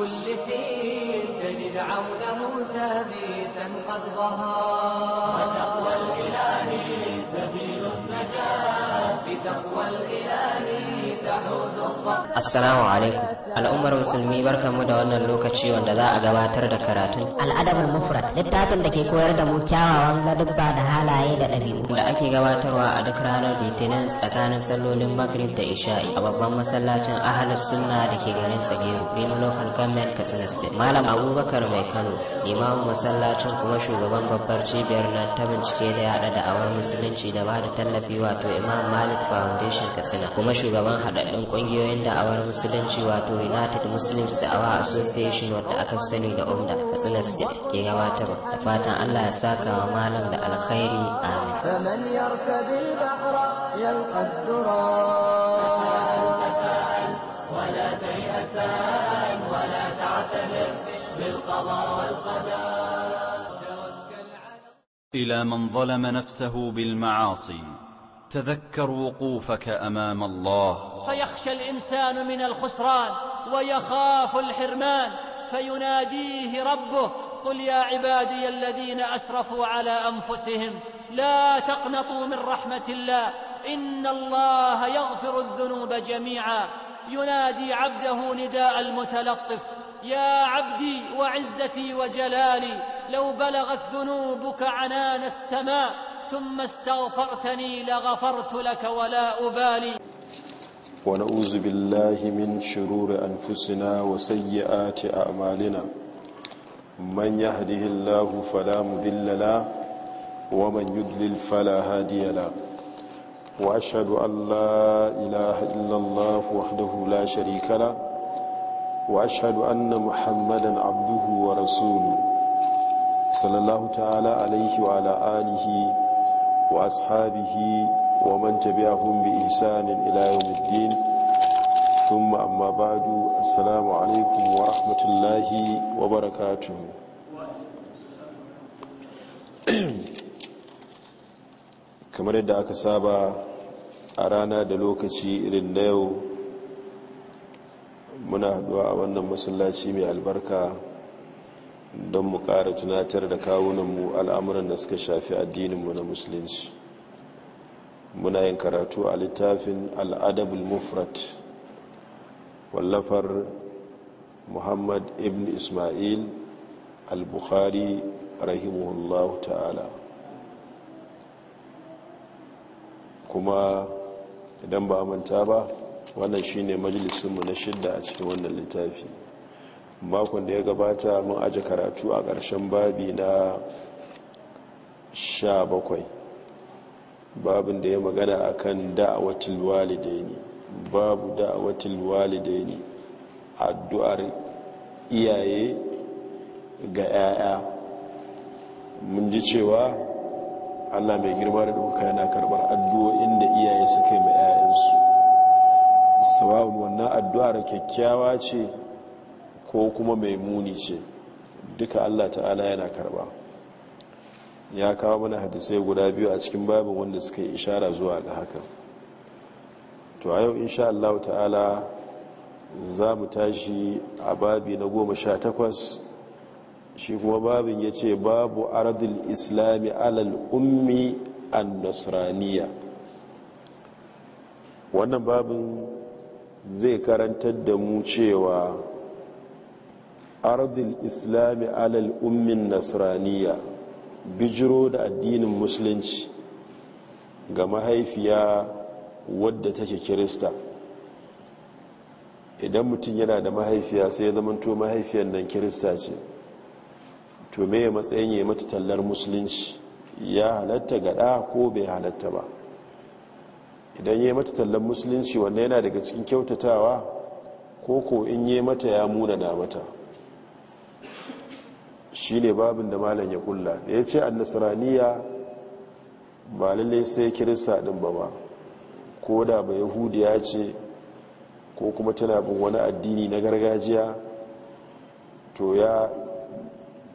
كل حين تجد عونه ثابتا قد ظهر Assalamu alaikum al'ummar musulmi barkanmu da wannan lokaci wanda za a gabatar da karatun al'adabul mufrad littafin da ke koyar da mu kyawawan ladabba da halaye da ɗabi'u da ake gabatarwa a duk ranar litinin tsakanin sallolin maghrib da isha'i a babban masallacin ahlus sunna da ke garin Tsagero Rima local government Katsina State Malam Abubakar Mai Kano limamin masallacin kuma shugaban babbar cibiyar na ta bincike da yaɗa da'awar musulunci da ba da tallafi wato Imam Malik Foundation Katsina kuma shugaban haɗaɗɗun ƙungiyoyin awar. da'awar musulunci wato united muslims da awa association wadda aka fi sani da umda katsina state ke gabatarwa da fatan allah ya saka wa malam da alkhairi amin إلى من ظلم نفسه بالمعاصي تذكر وقوفك أمام الله فيخشى الإنسان من الخسران ويخاف الحرمان فيناديه ربه قل يا عبادي الذين أسرفوا على أنفسهم لا تقنطوا من رحمة الله إن الله يغفر الذنوب جميعا ينادي عبده نداء المتلطف يا عبدي وعزتي وجلالي لو بلغت ذنوبك عنان السماء ثم استغفرتني لغفرت لك ولا أبالي ونعوذ بالله من شرور أنفسنا وسيئات أعمالنا من يهده الله فلا مذل له ومن يدلل فلا هادي له وأشهد أن لا إله إلا الله وحده لا شريك له وأشهد أن محمدا عبده ورسوله صلى الله تعالى عليه وعلى آله Wa ashabihi wa manta biya hunbi isa, anan ilayau na amma ba'adu. as salaam wa rahmatullahi wa barakatu. Kamar yadda aka saba, a rana da lokaci irin na yau, muna haɗuwa a wannan masallaci mai albarka. don mu ƙara tunatar da kawunanmu al'amuran da suka shafi addininmu na musulunci muna yin karatu a littafin al'adabul mufrat wallafar muhammad ibn ismail al-bukhari rahimahullahu ta'ala kuma idan ba manta ba wannan shine majalisunmu na shidda a cikin wannan littafi makon da ya gabata mun aji karatu a ƙarshen babi na 17 babin da ya magana a kan da'awatul walidaini babu da'awatul walidaini addu'ar iyaye ga 'ya'ya mun ji cewa allah mai girma da duka yana karbar addu'o'in da iyaye suka yi ma 'ya'yansu sawa'un wannan addu'ar kyakkyawa ce ko kuma mai muni ce duka allah ta'ala yana karba ya kawo mana hadisai guda biyu a cikin babin wanda suka yi ishara zuwa ga haka. to a yau insha allah ta'ala za mu tashi a babi na goma sha takwas shi kuma babin ya ce babu ardil islami alal ummi an nasraniya wannan babin zai karantar da mu cewa ardil islami alal ummin nasraniya bijiro da addinin musulunci ga mahaifiya wadda take kirista idan mutum yana da mahaifiya sai ya to mahaifiyar nan kirista ce to me ya matsayin ya mata tallar musulunci ya halatta gada ko bai halatta ba idan ya mata tallar musulunci wanda yana daga cikin kyautatawa ko ko in ya mata ya muna na mata shi ne babin da malam ya kulla da ya ce nasiraniya ba lallai sai kirista ɗin ba ba ko da ba yahudiya ce ko kuma tana bin wani addini na gargajiya to ya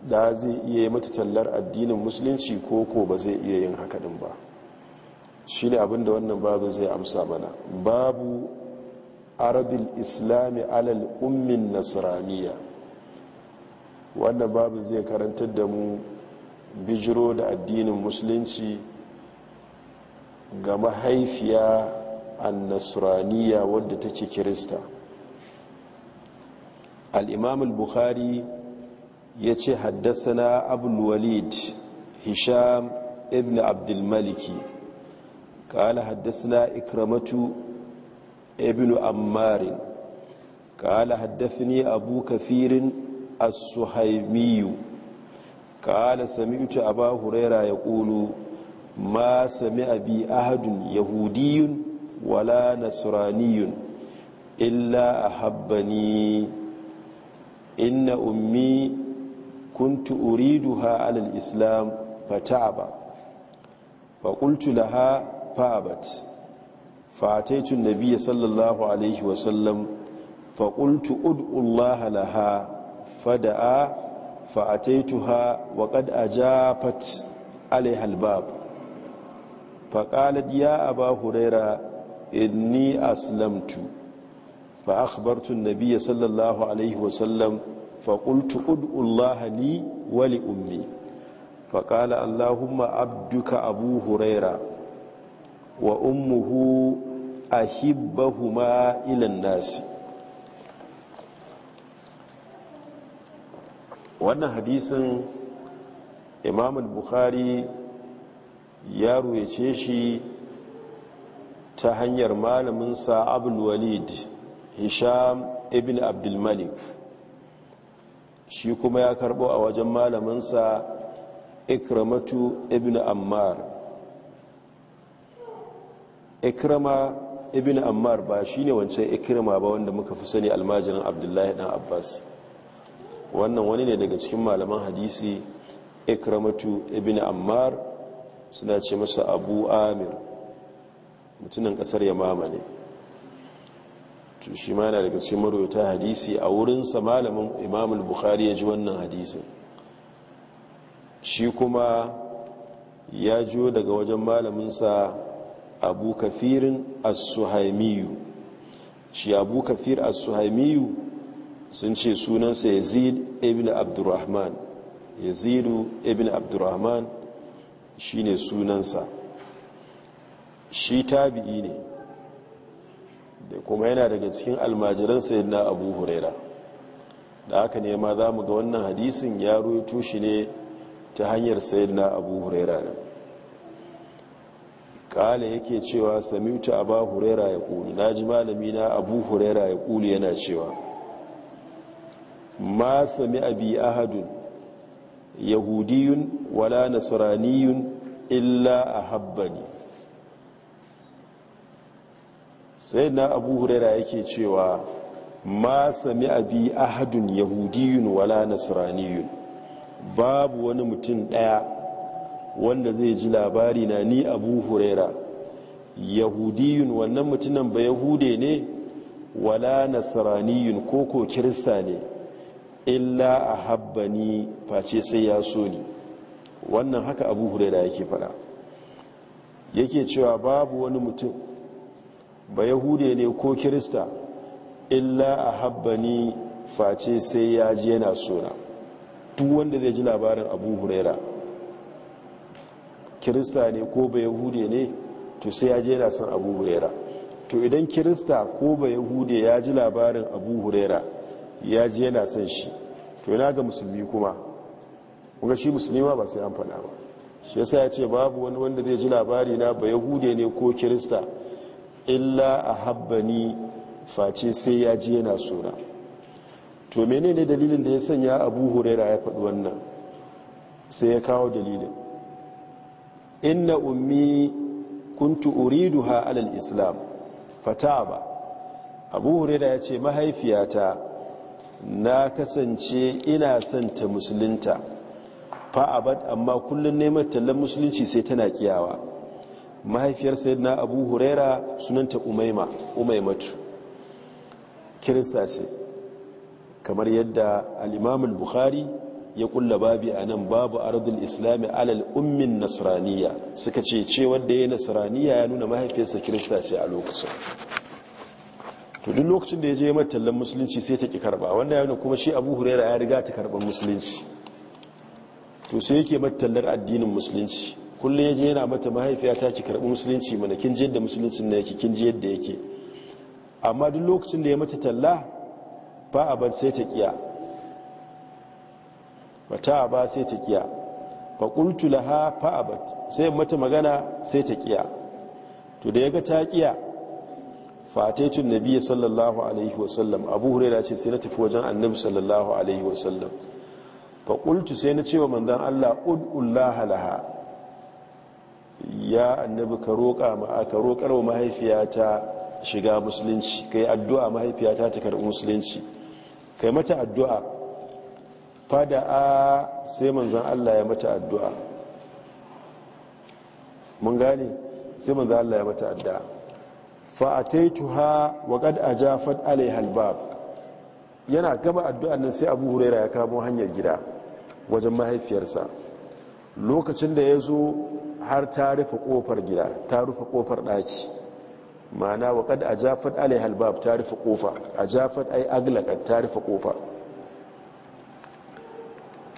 da zai iya yi mata tallar addinin musulunci ko ko ba zai iya yin haka ɗin ba shi ne abinda wannan babu zai amsa mana babu arabin islami alal ummin nasiraniya wannan babu zai karantar da mu bijiro da addinin musulunci ga mahaifiya annasraniya wadda take kirista al'imam al-bukhari ya ce haddasa na abulwalid hisham ibn abdulmaliki قال ikramatu إكرمة ammarin أمار haddasa حدثني abu kafirin. as-suhaimiyu qala sami'tu aba huraira yaqulu ma sami'a bi ahadun yahudiyyun wala nasraniyyun illa ahabbani inna ummi kuntu uriduha ala al-islam fata'aba فقلت لها فابت فأتيت النبي صلى الله عليه وسلم فقلت أدعو الله laha. fada'a ha wa qad ajafat alaiha albab faqalat ya aba huraira inni aslamtu fa akhbartu an-nabiy sallallahu alaihi wa sallam fa qultu ud'u ummi. li wa li ummi فقال اللهم عبدك أبو هريرة وأمه أحبهما إلى wannan hadisin imam bukhari ya ruwace shi ta hanyar malamin malaminsa abulwalid hisham ibn abdulmalik shi kuma ya karbo a wajen malaminsa ikramatu ibn ammar ikrama ibn ammar ba shine wancan ikrama ba wanda muka fi sani almajirin abdullahi dan abbas wannan wani ne daga cikin malaman hadisi ikramatu ibn ammar suna ce masa abu amir mutunan kasar yamama ne to shi ma yana daga cikin marwata hadisi a wurinsa malamin imamul bukhari ya ji wannan hadisin shi kuma ya jiyo daga wajen malaminsa abu kafirin as shi abu kafir as sun ce sunansa yazid ibn abdurrahman yazidu ibn abdurrahman shine sunansa shi tabi'i ne da kuma yana daga cikin almajiran na abu huraira da haka ne ma za mu ga wannan hadisin ya ruwaito shi ne ta hanyar sayyidina abu huraira ne kala yake cewa sami sami'tu abu huraira ya kuli na ji malami na abu huraira ya kuli yana cewa ma sami abi ahadun yahudiyun wala nasuraniyun illa a habbani sai na abu hurera yake cewa ma sami abi ahadun yahudiyun wala nasuraniyun babu wani mutum daya wanda zai ji labari na ni abu hurera yahudiyun wannan mutumin ba yahude ne wala nasuraniyun koko kirista ne illa a habba ni face sai ya so ni wannan haka abu huraira yake fada yake cewa babu wani mutum ba hude ne ko kirista illa a habba ni face sai ya ji yana sona tu wanda zai ji labarin abu hurera kirista ne ko ba hude ne to sai ya ji yana son abu hurera to idan kirista ko ba hude ya ji labarin abu hurera ya ji yana son shi to yana ga musulmi kuma kuma shi musulmi ma ba sai an faɗa ba shi yasa ya ce babu wani wanda zai ji labari na ba yahude ne ko kirista illa a habbani face sai ya ji yana sona to menene dalilin da ya sanya abu huraira ya faɗi wannan sai ya kawo dalilin inna ummi kuntu uriduha alal islam fata ba abu huraira ya ce mahaifiyata na kasance ina son ta musulunta fa fa'abad amma kullum neman tallan musulunci sai tana kiyawa mahaifiyar sayyidina abu huraira sunanta umaima umaimatu kirista ce kamar yadda al'imamul bukhari ya kulla babi a nan babu ardul islami alal ummin nasraniya suka ce ce wanda ya nasraniya ya nuna mahaifiyarsa kirista ce a lokacin to duk lokacin da ya je mai tallan musulunci sai ta ki karba wannan yi kuma shi abu huraira ya riga ta karban musulunci to sai yake mai tallar addinin musulunci kullum ya je yana mata mahaifiya ta ki karbi musulunci mana kin ji yadda musulunci na yake kin ji yadda yake amma duk lokacin da ya mata talla ba a bar sai ta kiya mata ba sai ta kiya fa qultu laha fa abat sai mata magana sai ta kiya to da yaga ta kiya fataitun nabiya sallallahu alaihi wasallam abu huraira ce sai na tafi wajen annabi sallallahu alaihi wasallam faƙultu sai na ce wa manzan allah ud'ullaha laha ya annabi ka roƙa ma aka roƙar wa mahaifiyata shiga musulunci ka yi addu'a mahaifiyata ta karɓi musulunci ka yi mata addu'a fada a sai manzan allah ya mata addu'a mun gane sai manzan allah ya mata addu'a fa'ataituha wa a ajafat alaiha albab yana gaba addu'an nan sai Abu Huraira ya kamo hanyar gida wajen mahaifiyarsa lokacin da ya zo har ta rufe kofar gida ta rufe kofar daki ma'ana wa a ajafat alaiha albab ta rufe kofa jafat ai aglaqat ta rufe kofa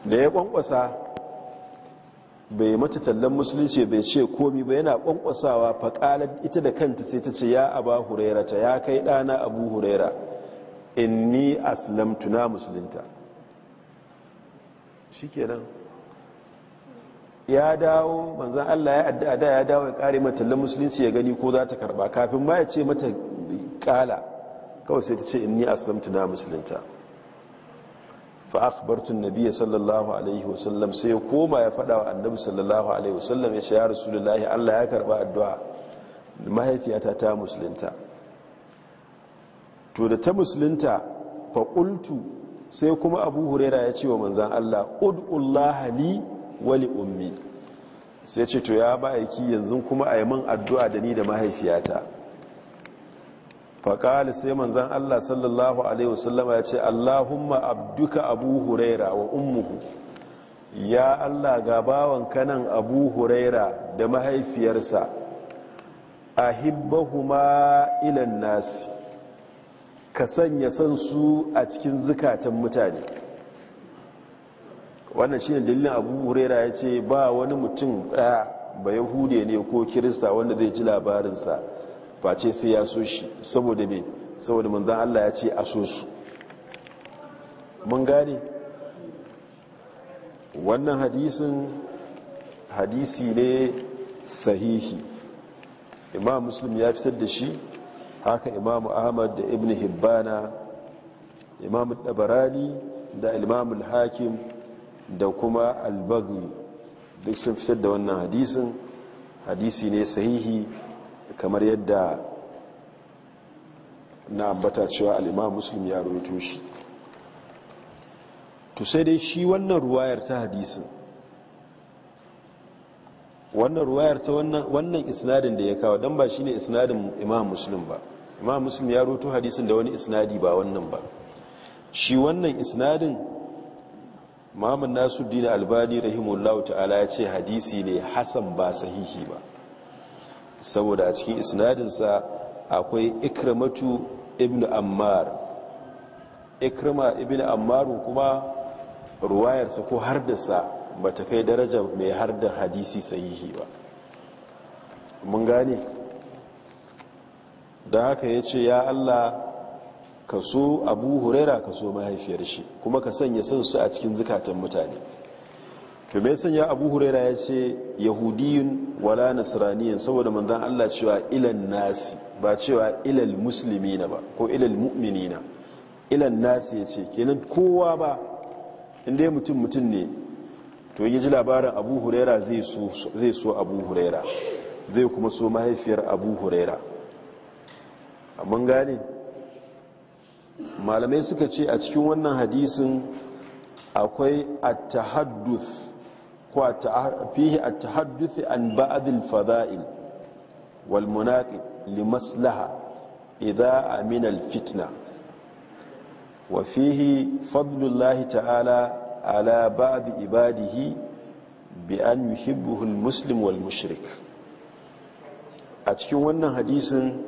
da ya kwankwasa bai mata tallan musulunci bai ce komi ba yana kwankwasawa faƙalar ita da kanta sai ta ce ya aba hurera ta ya kai ɗana abu hurera in ni na musulunta shi ya dawo manzan allah ya addu'a da ya dawo ya ƙare mata tallan musulunci ya gani ko za ta karɓa kafin ma ya ce mata ƙala kawai sai ta ce inni ni na musulunta fa akhbartu an sallallahu alaihi wasallam sai ya koma ya fada wa annabi sallallahu alaihi wasallam ya sha ya rasulullahi Allah ya karba addu'a mahaifiyata ta musulunta to da ta musulunta fa qultu sai kuma Abu Huraira ya ce wa manzon Allah ud'ullaha li wa li ummi sai ce to ya ma'aiki yanzu kuma ayi min addu'a da ni da mahaifiyata faƙali sai manzan allah sallallahu alaihi wasallama ya ce allahumma abduka abu huraira wa ummuhu ya allah ga bawan kanan abu huraira da mahaifiyarsa a hibbahuma ilan nasi ka sanya san su a cikin zukatan mutane wannan shi ne dalilin abu huraira ya ce ba wani mutum ɗaya ba yahude ne ko kirista wanda zai ji labarinsa face sai ya so shi saboda me saboda manzan Allah ya ce a so su mun gane wannan hadisin hadisi ne sahihi imam muslim ya fitar da shi haka imam ahmad da ibn hibbana imam dabarani da imam hakim da kuma albagri duk sun fitar da wannan hadisin hadisi ne sahihi kamar yadda na ambata cewa al'imam muslim ya roto shi to sai dai shi wannan ruwayar ta hadisin wannan ruwayar ta wannan isnadin da ya kawo don ba shi ne isnadin imam muslim ba imam muslim ya roto hadisin da wani isnadi ba wannan ba shi wannan isnadin mamun nasu dina albani rahimullahu ta'ala ya ce hadisi ne hasan ba sahihi ba saboda a cikin isnadinsa akwai ikramatu ibn ammar ikrama ibn ammarun kuma ruwayarsa ko hardasa ba ta kai daraja mai hardar hadisi sahihi ba mun gane da haka ya ce ya allah ka so abu huraira ka so mahaifiyar shi kuma ka sanya sansu a cikin zukatan mutane to me sanya abu huraira ya ce yahudiyun wala nasraniyan saboda manzan Allah cewa ilan nasi ba cewa ilal na ba ko ilal mu'minina ilan nasi ya ce kenan kowa ba inda mutum mutum ne to yi ji labarin abu huraira zai so abu huraira zai kuma so mahaifiyar abu huraira amma gane malamai suka ce a cikin wannan hadisin akwai at-tahadduth ko fihi at an ba'd al-fada'il wal munaqib li maslaha idha aminal fitna Wafihi, fihi fadlullahi ta'ala ala ba'd ibadihi bi an yuhibbuhu al-muslim wal mushrik a cikin wannan hadisin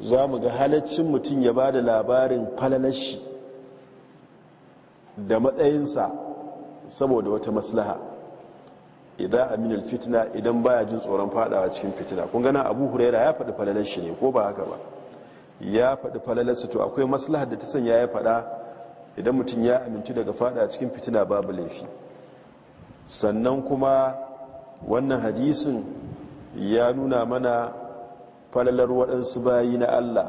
za mu ga halaccin mutum ya ba da labarin falalashi da matsayinsa saboda wata maslaha idza aminul fitna idan baya jin tsoron fadawa cikin fitina kun gana abu huraira ya fadi falalar shi ne ko ba haka ba ya fadi falalar su to akwai maslaha da ta sanya ya fada idan mutum ya amintu daga fada cikin fitina babu laifi sannan kuma wannan hadisin ya nuna mana falalar waɗansu bayi na Allah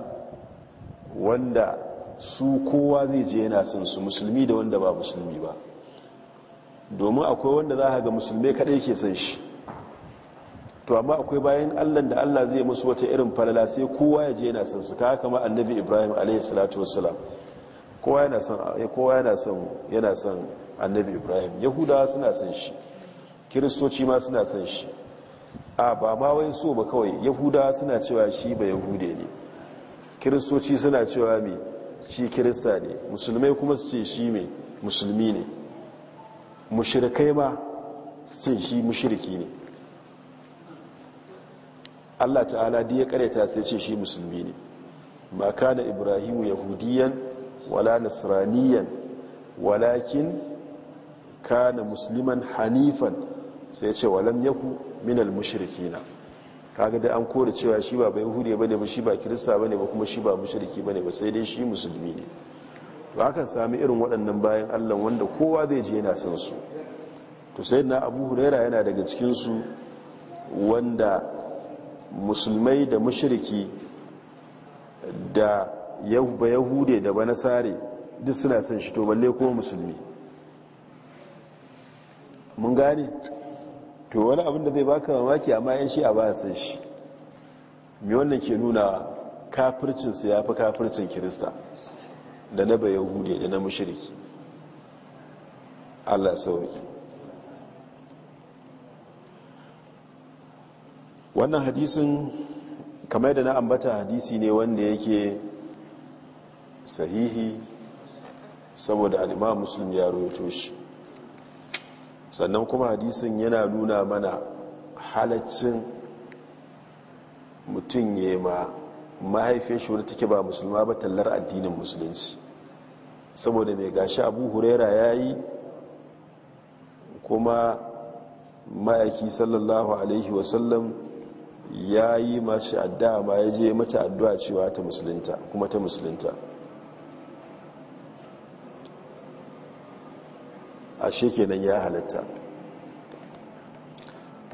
wanda su kowa zai je yana sun su musulmi da wanda ba musulmi ba domin akwai wanda za a ga musulmai kaɗai ke san shi to amma akwai bayan allah da allah zai musu wata irin falala sai kowa ya je yana san su kawai kama annabi ibrahim a.s.w. kowa yana san eh, annabi ibrahim yahudawa suna san shi kiristoci ma suna san shi a ba ma wai so ba kawai yahudawa suna cewa shi ba yahude ne kiristoci suna cewa mai shi kirista ne musulmai kuma su ce shi mai musulmi ne mushirikai ba su shi mushiriki ne allah ta'ala da ya karyata sai ce shi musulmi ne Ba ka kana ibrahimu yahudiyan wala nasraniyan walakin kana Musulman hanifan sai ce walam yaku minal na kaga da an kore cewa shi ba bai ba bane ba shi ba kirista bane ba kuma shi ba ba bane ba sai dai shi musulmi ne to kan sami irin waɗannan bayan allah wanda kowa zai je yana san su to sai na abu huraira yana daga cikinsu wanda musulmai da mashiriki da ba yahude da ba duk suna son shi to balle ko musulmi mun gane to wani abin da zai baka mamaki amma yan shi a ba san shi mai wannan ke nuna kafircinsa ya fi kafircin kirista da na bayahude da na mushriki Allah sauki wannan hadisin kamar da na ambata hadisi ne wanda yake sahihi saboda alima musulun ya roto shi sannan kuma hadisin yana nuna mana halaccin mutum ya ma mahaifin shi wadda take ba musulma ba tallar addinin musulunci saboda mai gashi abu huraira ya yi kuma ma'aiki sallallahu alaihi wasallam ya yi mashi adda ma ya je mata addu'a cewa ta musulunta kuma ta musulunta a shekenan ya halatta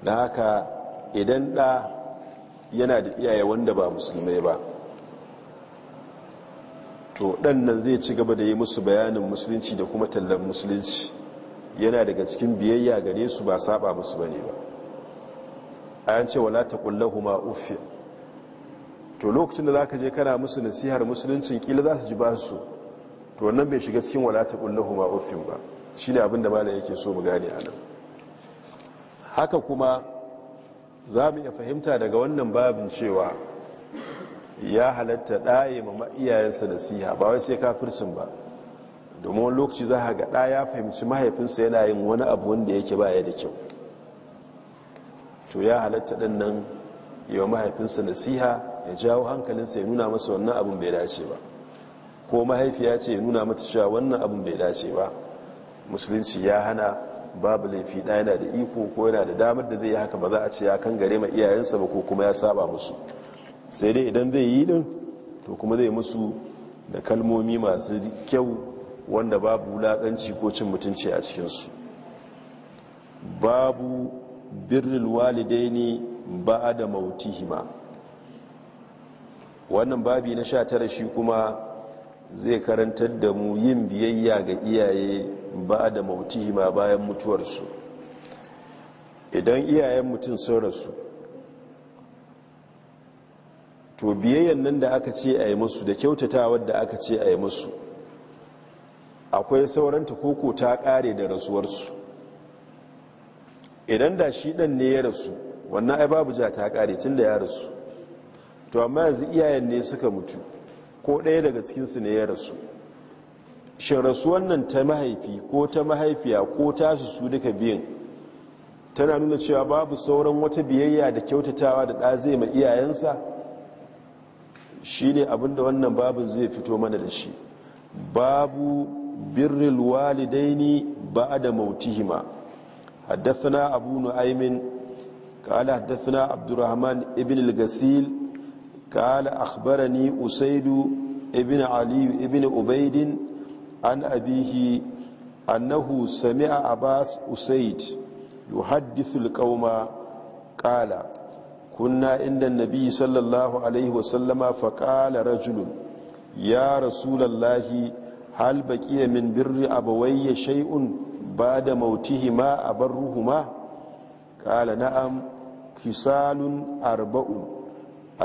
da haka idan da yana da iyaye wanda ba musulmai ba to ɗan nan zai ci gaba da yi musu bayanin musulunci da kuma tallar musulunci yana daga cikin biyayya gare su ba saba musu ba ne ba a yance wala ta kullahu huma to lokacin da za ka je kana musu nasihar musuluncin kila za su ji ba su to wannan bai shiga cikin wala ta kullahu huma ba shi ne abin da malam yake so mu gane a nan haka kuma za mu iya fahimta daga wannan babin cewa ya halatta ɗaye ma iyayensa nasiha ba wai sai kafircin ba domin wani lokaci za a ga ɗa ya fahimci mahaifinsa yana yin wani abu wanda yake ba ya da kyau to ya halatta ɗin nan yi wa mahaifinsa nasiha ya jawo hankalinsa ya nuna masa wannan abin bai dace ba ko mahaifiya ce ya nuna mata cewa wannan abin bai dace ba musulunci ya hana babu laifi ɗaya yana da iko ko yana da damar da zai yi haka ba za a ce ya kan gare ma iyayensa ba ko kuma ya saba musu sai dai idan zai yi din to kuma zai musu da kalmomi masu kyau wanda babu wulaƙanci ko cin mutunci a cikinsu babu birnin ne ba da mautihima wannan babi na sha tara shi kuma zai karantar da mu yin biyayya ga iyaye ba da mautihima bayan mutuwarsu idan iyayen mutum sun rasu to biyayyan nan da aka ce a yi musu da kyautatawa da aka ce a yi musu akwai sauranta koko ta kare da rasuwarsu idan da shi dan ne ya rasu wannan ai babu ja ta kare tun da ya rasu to amma yanzu iyayen ne suka mutu ko ɗaya daga cikinsu ne ya rasu shin rasuwan nan ta mahaifi ko ta mahaifiya ko tasu su duka biyan tana nuna cewa babu sauran wata biyayya da kyautatawa da ɗa zai ma iyayensa shi ne abinda wannan babin zai fito mana da shi babu birril walidaini ba da mautihima haddathana abu nu'aimin kala haddathana abdurrahman ibn al-gasil kala akhbarani usaidu ibn ali ibn ubaidin an abihi annahu sami'a abbas usaid yuhaddithu al-qauma kala kunna inda nabi sallallahu alaihi wasallama faƙala rajulun ya rasulallahi hal baƙiya min birri abawayya shay'un ba da mautihima a barruhuma ƙala na'am kisalun arba'un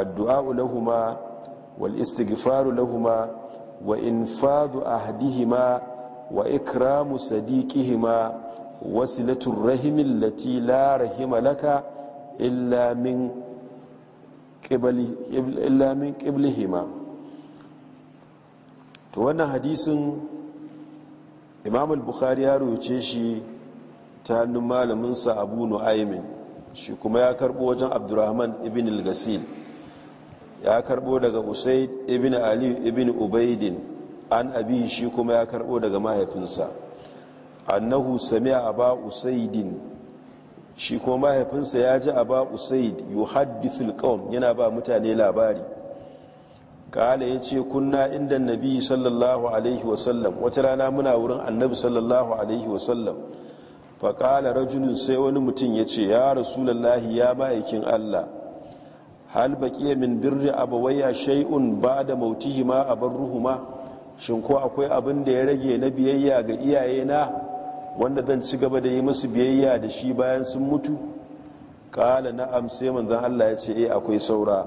addu'a'u lahuma wal istighfaru lahuma wa infadu ahdihima wa ikramu sadiqihima wasilatul rahimin lati la rahima laka illa min ƙilamin ƙiblihima to wannan hadisun imam al-bukhari ya roce shi ta hannun malaminsa abu nu'aimin shi kuma ya karbo wajen abdurrahman ibn al-gasil ya karbo daga usaid ibn ali ibn ubaidin an abi shi kuma ya karbo daga mahaifinsa annahu sami'a ba usaidin shi ko mahaifinsa ya ji a aba usaid yuhaddithul qawm yana ba mutane labari kala ya ce kunna inda nabi sallallahu alaihi wasallam wata rana muna wurin annabi sallallahu alaihi wasallam faƙala rajulun sai wani mutum ya ce ya lallahi ya ma'aikin allah hal baƙiya min birri abawaya shai'un ba da mautihi ma a bar ruhuma shin ko akwai abin da ya rage na biyayya ga iyayena? wanda zan ci gaba da yi musu biyayya da shi bayan sun mutu kala na'am sai manzan Allah ya ce eh akwai saura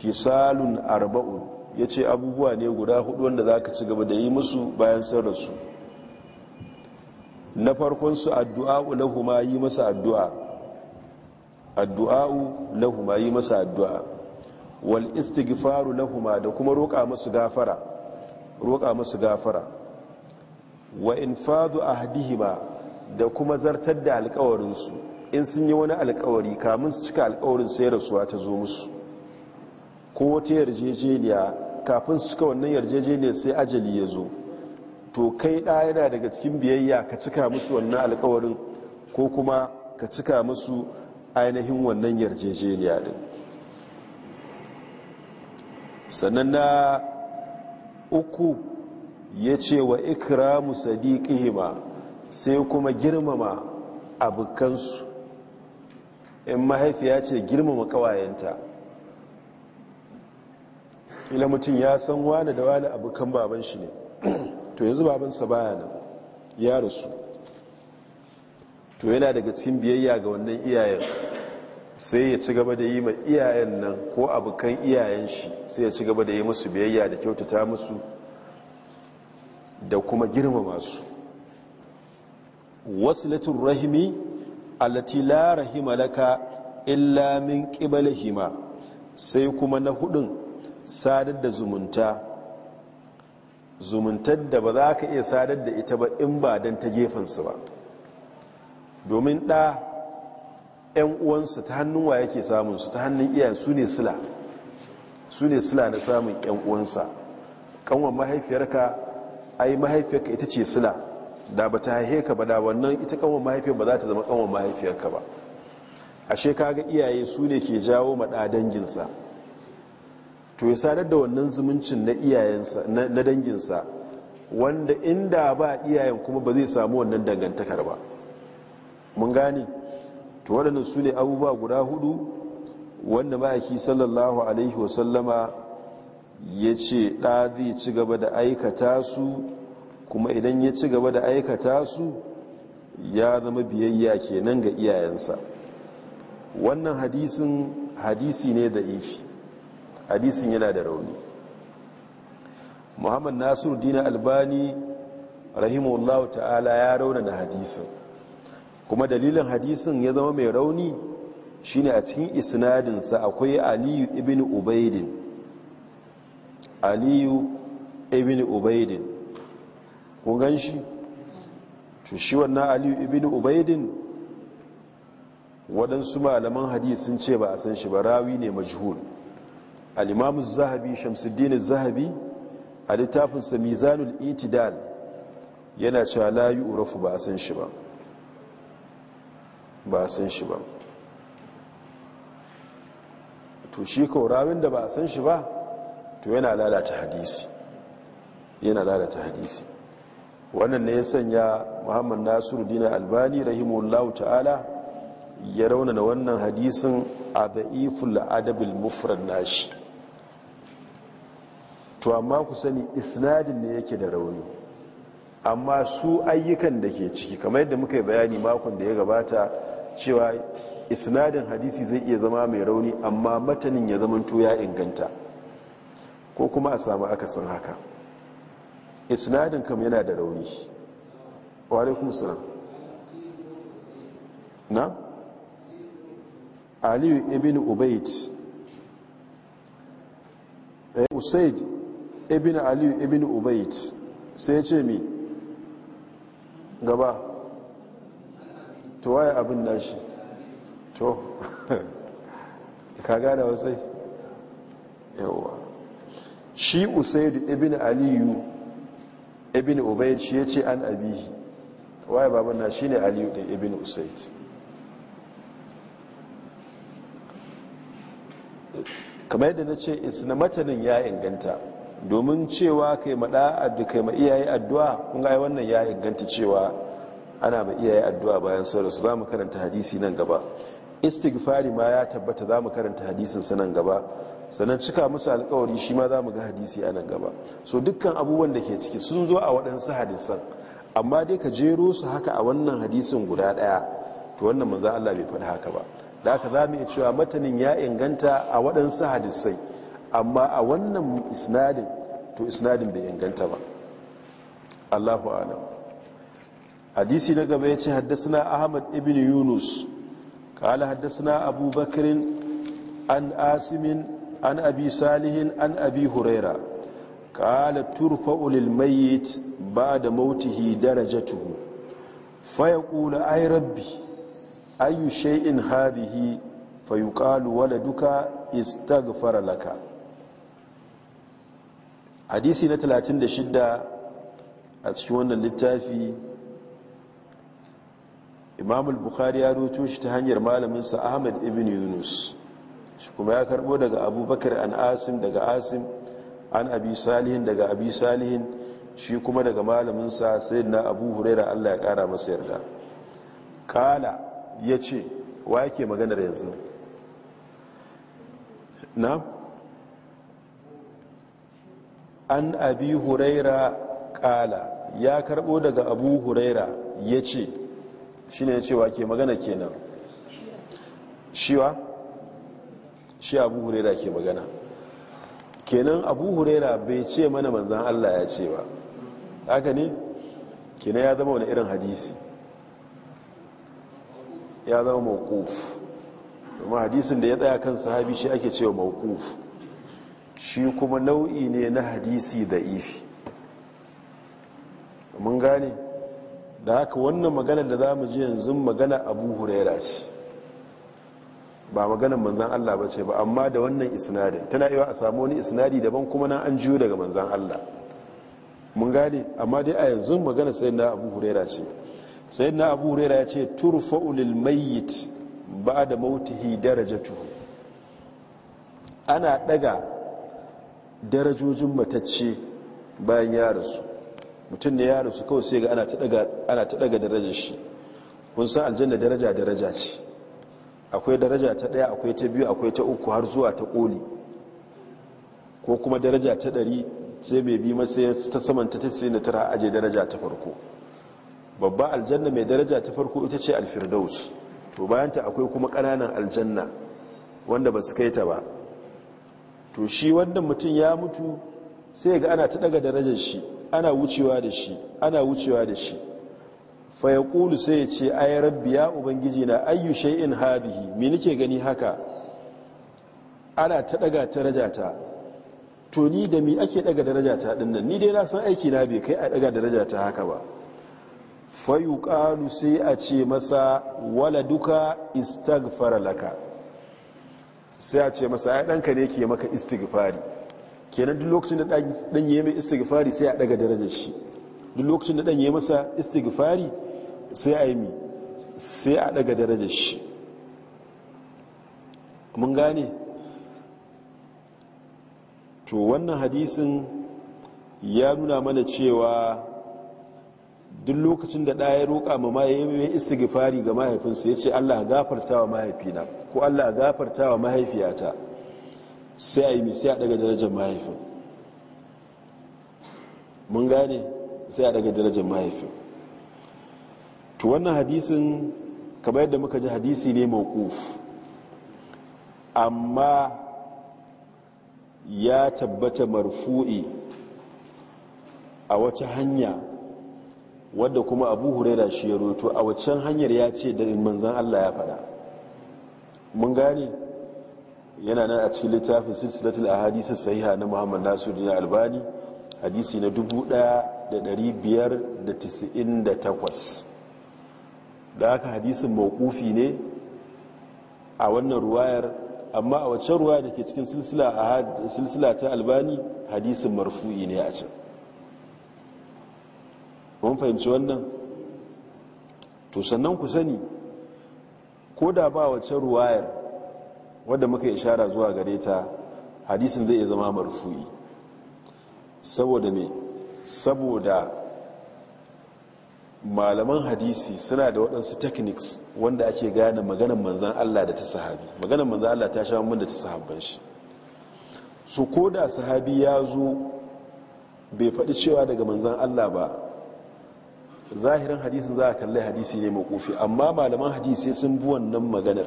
kisalun arba'u ya ce abubuwa ne guda hudu wanda za ka ci gaba da yi musu bayan sun rasu na farkon su addu'a'u lahuma yi masa addu'a addu'a'u lahuma yi masa addu'a wal istighfaru lahuma da kuma roƙa masu roƙa masu gafara wa in fadu ahdihima da kuma zartar da alkawarinsu in sun yi wani alkawari kamun su cika alkawarin sai rasuwa ta zo musu ko wata yarjejeniya kafin su cika wannan yarjejeniya sai ajali ya zo to kai ɗa yana daga cikin biyayya ka cika musu wannan alkawarin ko kuma ka cika musu ainihin wannan yarjejeniya din sannan na uku ya ce wa ikramu sadiqihima sai kuma girmama abokansu in mahaifiya ce girmama kawayenta ila mutum ya san wani da wani abokan baban shi ne to yanzu babansa baya nan ya rasu to yana daga cikin biyayya ga wannan iyayen sai ya ci gaba da yi ma iyayen nan ko abokan iyayen shi sai ya ci gaba da yi musu biyayya da kyautata musu da kuma girmama su wasilatun rahimi allati la rahima laka illa min qibalihima sai kuma na hudun sadar da zumunta zumuntar da ba za ka iya sadar da ita ba in ba don ta gefensu ba domin ɗa 'yan uwansu ta hannun wa yake samunsu ta hannun iyayen su ne sila su ne sila na samun 'yan uwansa kanwa mahaifiyarka ai mahaifiyarka ita ce sila da ba ta haihe ka ba da wannan ita kanwan mahaifiyar ba za ta zama mahaifiyar mahaifiyarka ba ashe shekaga iyaye su ne ke jawo maɗa danginsa to ya sadar da wannan zumuncin na danginsa wanda inda ba iyayen kuma ba zai samu wannan dangantakar ba mun gane to waɗannan su ne abubuwa guda hudu wanda ma'aiki sallallahu alaihi wasallama ya ce ɗa zai ci gaba da aikata su kuma idan ya ci gaba da aikata su ya zama biyayya kenan ga iyayensa wannan hadisin hadisi ne da ifi hadisin yana da rauni muhammad nasiru dina albani rahimahullahu ta'ala ya rauna raunana hadisin kuma dalilin hadisin ya zama mai rauni shine a cikin isnadinsa akwai aliyu ibn ubaidin aliyu ibini ubaidin ku gan shi wannan aliyu ibini ubaidin waɗansu malaman hadith sun ce ba a san shi ba rawi ne majhul al zahabi shamsuddin zahabi a littafinsa mizanul itidal yana cewa layu urafu ba a san shi ba ba a san shi ba to shi kawo rawin da ba a san shi ba to yana lalata hadisi yana lalata hadisi wannan ne ya sanya muhammad nasiru dina albani rahimullah ta'ala ya rauna na wannan hadisin a da'iful adabil mufrad nashi to amma ku sani isnadin ne yake da rauni amma su ayyukan da ke ciki kamar yadda muka yi bayani makon da ya gabata cewa isnadin hadisi zai iya zama mai rauni amma matanin ya zamanto ya inganta ko kuma a samu akasin haka isnadin kam yana da rauni wa kuma suna na aliyu ibn ubaid eh, usaid ibn aliyu ibn ubaid sai ya ce mi gaba tuwaye waye abin nashi to ka gane wasai yawwa shi usaidu ibn aliyu ibn ubaid shi ya ce an abihi waye baban na shi ne aliyu ɗin ibn usaid kamar yadda na ce isna matanin ya inganta domin cewa kai maɗa da kai ma iyaye addu'a kun ga wannan ya inganta cewa ana ma iyaye addu'a bayan sauran su mu karanta hadisi nan gaba istighfari ma ya tabbata mu karanta hadisin sa nan gaba sannan cika musu alkawari shi ma za mu ga hadisi a nan gaba so dukkan abubuwan da ke ciki sun zo a waɗansu hadisan amma dai ka jero su haka a wannan hadisin guda ɗaya to wannan manzan Allah bai faɗi haka ba da haka za mu iya cewa matanin ya inganta a waɗansu hadisai amma a wannan isnadin to isnadin bai inganta ba Allahu alam hadisi na gaba ya ce haddasa Ahmad ibn Yunus قال حدثنا أبو بكر عن an abi salihin an abi huraira turfa ulil mayit mayyit ba'da mautihi darajatuhu ƙula ai rabbi ayu fayu ƙalu wala duka istagfara laka hadisi na 36 a cikin wannan littafi imamul bukhari ya roto shi ta hanyar malaminsa ahmad ibn yunus shi kuma ya karbo daga abubakar an asim daga asim an abi salihin daga abi salihin shi kuma daga malaminsa sai na abu hurera allah ya kara masa yarda kala ya ce wa yake maganar yanzu na an abi hurera kala ya karbo daga abu hurera ya ce shi ne ya ce wa ke magana kenan shiwa shi abu huraira ke magana kenan abu huraira bai ce mana manzan allah ya ce ba haka ne kenan ya zama wani irin hadisi ya zama maukuf kuma hadisin da ya tsaya kan sahabi shi ake cewa maukuf shi kuma nau'i ne na hadisi da ifi mun gane da haka wannan magana da za mu ji yanzu magana abu huraira ce ba maganan manzan Allah ba ce ba amma da wannan isnadin tana iya a samu wani isnadi daban kuma na an jiyo daga manzan Allah mun gane amma dai a yanzu magana sayin na abu hurera ce sayin na abu hurera ya ce turfa ulil mayyit ba da mautihi darajatu ana daga darajojin matacce bayan ya mutum ne ya rasu kawai sai ga ana ta daga darajar shi kun san aljanna daraja daraja ce akwai daraja ta daya akwai ta biyu akwai ta uku har zuwa ta koli ko kuma daraja ta ɗari sai mai bi masai ta saman ta tara aje daraja ta farko babba aljanna mai daraja ta farko ita ce alfirdaus to bayanta akwai kuma ƙananan aljanna wanda ba su kai ta ba to shi wannan mutum ya mutu sai ga ana ta daga darajar shi ana wucewa da shi ana wucewa da shi fayakulu sai ya ce ayi rabbi ya ubangiji na ayyu shay'in hadihi me nake gani haka ana ta daga darajata to ni da mi ake daga darajata din nan ni dai na san aiki na bai kai a daga darajata haka ba fayuqalu sai a ce masa waladuka istaghfara laka sai a ce masa ai danka ne ke maka istighfari kenan duk lokacin da dan yayi mai istighfari sai a daga darajar shi duk lokacin da dan yayi masa istighfari sai a yi mi sai a daga darajar shi mun gane to wannan hadisin ya nuna mana cewa duk lokacin da ɗaya roƙa ma mahaifin istighfari ga mahaifinsa ya ce allah gafarta wa mahaifina ko allah gafarta wa mahaifiyata sai a yi sai a daga darajar mahaifin mun gane sai a daga darajar mahaifin to wannan hadisin kamar yadda muka ji hadisi ne mawquf amma ya tabbata marfu'i a wata hanya wadda kuma abu huraira shi ya roto a waccan hanyar ya ce da manzan allah ya fada mun gane yana nan a cikin littafin silsilatul ahadisi sahiha na muhammad nasiru na albani hadisi na 1598 da haka hadisin maƙufi ne a wannan ruwayar amma a wacce ruwa da ke cikin silsila ta albani hadisin marfu'i ne a can mun fahimci wannan to sannan ku sani ko da ba wacce ruwayar wadda muka ishara zuwa gare ta hadisin zai zama marfu'i saboda me saboda malaman hadisi suna da waɗansu techniques wanda ake gane maganan manzan Allah da ta sahabi maganan manzan Allah ta sha mun da ta sahabban shi su ko da sahabi ya zo bai faɗi cewa daga manzan Allah ba zahirin hadisin za a kalli hadisi ne makofi amma malaman hadisi sun bi wannan maganar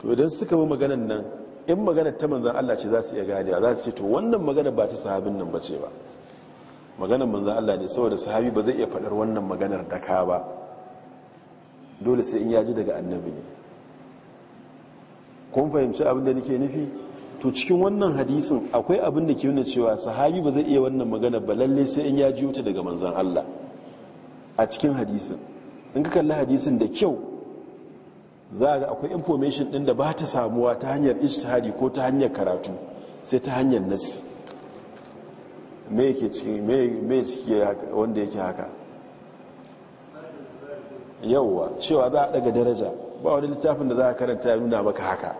to idan suka bi maganar nan in maganar ta manzan Allah ce za su iya gane za su ce to wannan maganar ba ta sahabin nan ba ce ba maganar manzan Allah ne saboda sahabi ba zai iya faɗar wannan maganar da ka ba dole sai in yaji daga annabi ne kun fahimci abin da nake nufi to cikin wannan hadisin akwai abinda da ke nuna cewa sahabi ba zai iya wannan maganar ba lalle sai in yaji wuta daga manzan Allah a cikin hadisin in ka kalli hadisin da kyau za a ga akwai information ɗin da ba ta samuwa ta hanyar ijtihadi ko ta hanyar karatu sai ta hanyar nasi. me yake ciki wanda yake haka yauwa cewa za a daga daraja ba wani littafin da za a karanta ya nuna maka haka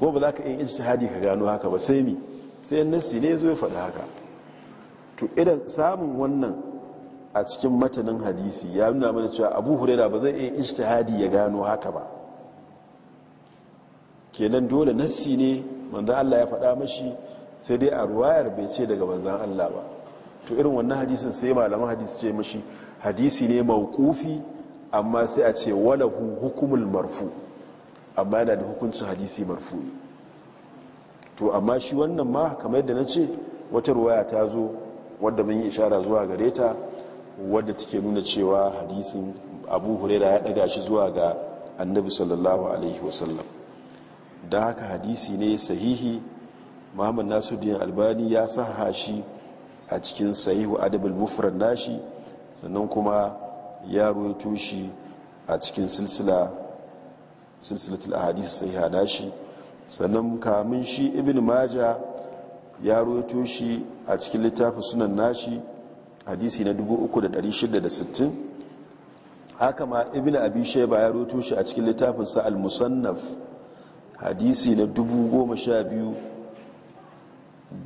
ko ba za ka yin ijtihadi ka gano haka ba sai mi sai nasi ne zo ya faɗi haka to idan samun wannan a cikin matanin hadisi ya nuna mana cewa abu huraira ba zai yin ijtihadi ya gano haka ba kenan dole nasi ne manzo Allah ya faɗa mashi sai dai a ruwayar bai ce daga manzan Allah ba to irin wannan hadisin sai malaman hadisi ce mashi hadisi ne mawqufi amma sai a ce walahu hukumul marfu amma yana da hukuncin hadisi marfu to amma shi wannan ma kamar yadda na ce wata ruwaya ta zo wadda mun yi ishara zuwa gare ta wadda take nuna cewa hadisin abu huraira ya daga shi zuwa ga annabi sallallahu alaihi wasallam da haka hadisi ne sahihi muhammad nasuddin albani ya saha shi a cikin sahihu adabul mufrad nashi sannan kuma ya ruwaito shi a cikin silsila silsilatul ahadith sahiha nashi sannan kamin shi ibn maja ya ruwaito shi a cikin littafin sunan nashi hadisi na 3660 haka ma ibn abi shayba ya ruwaito shi a cikin littafin sa al-musannaf hadisi na 12000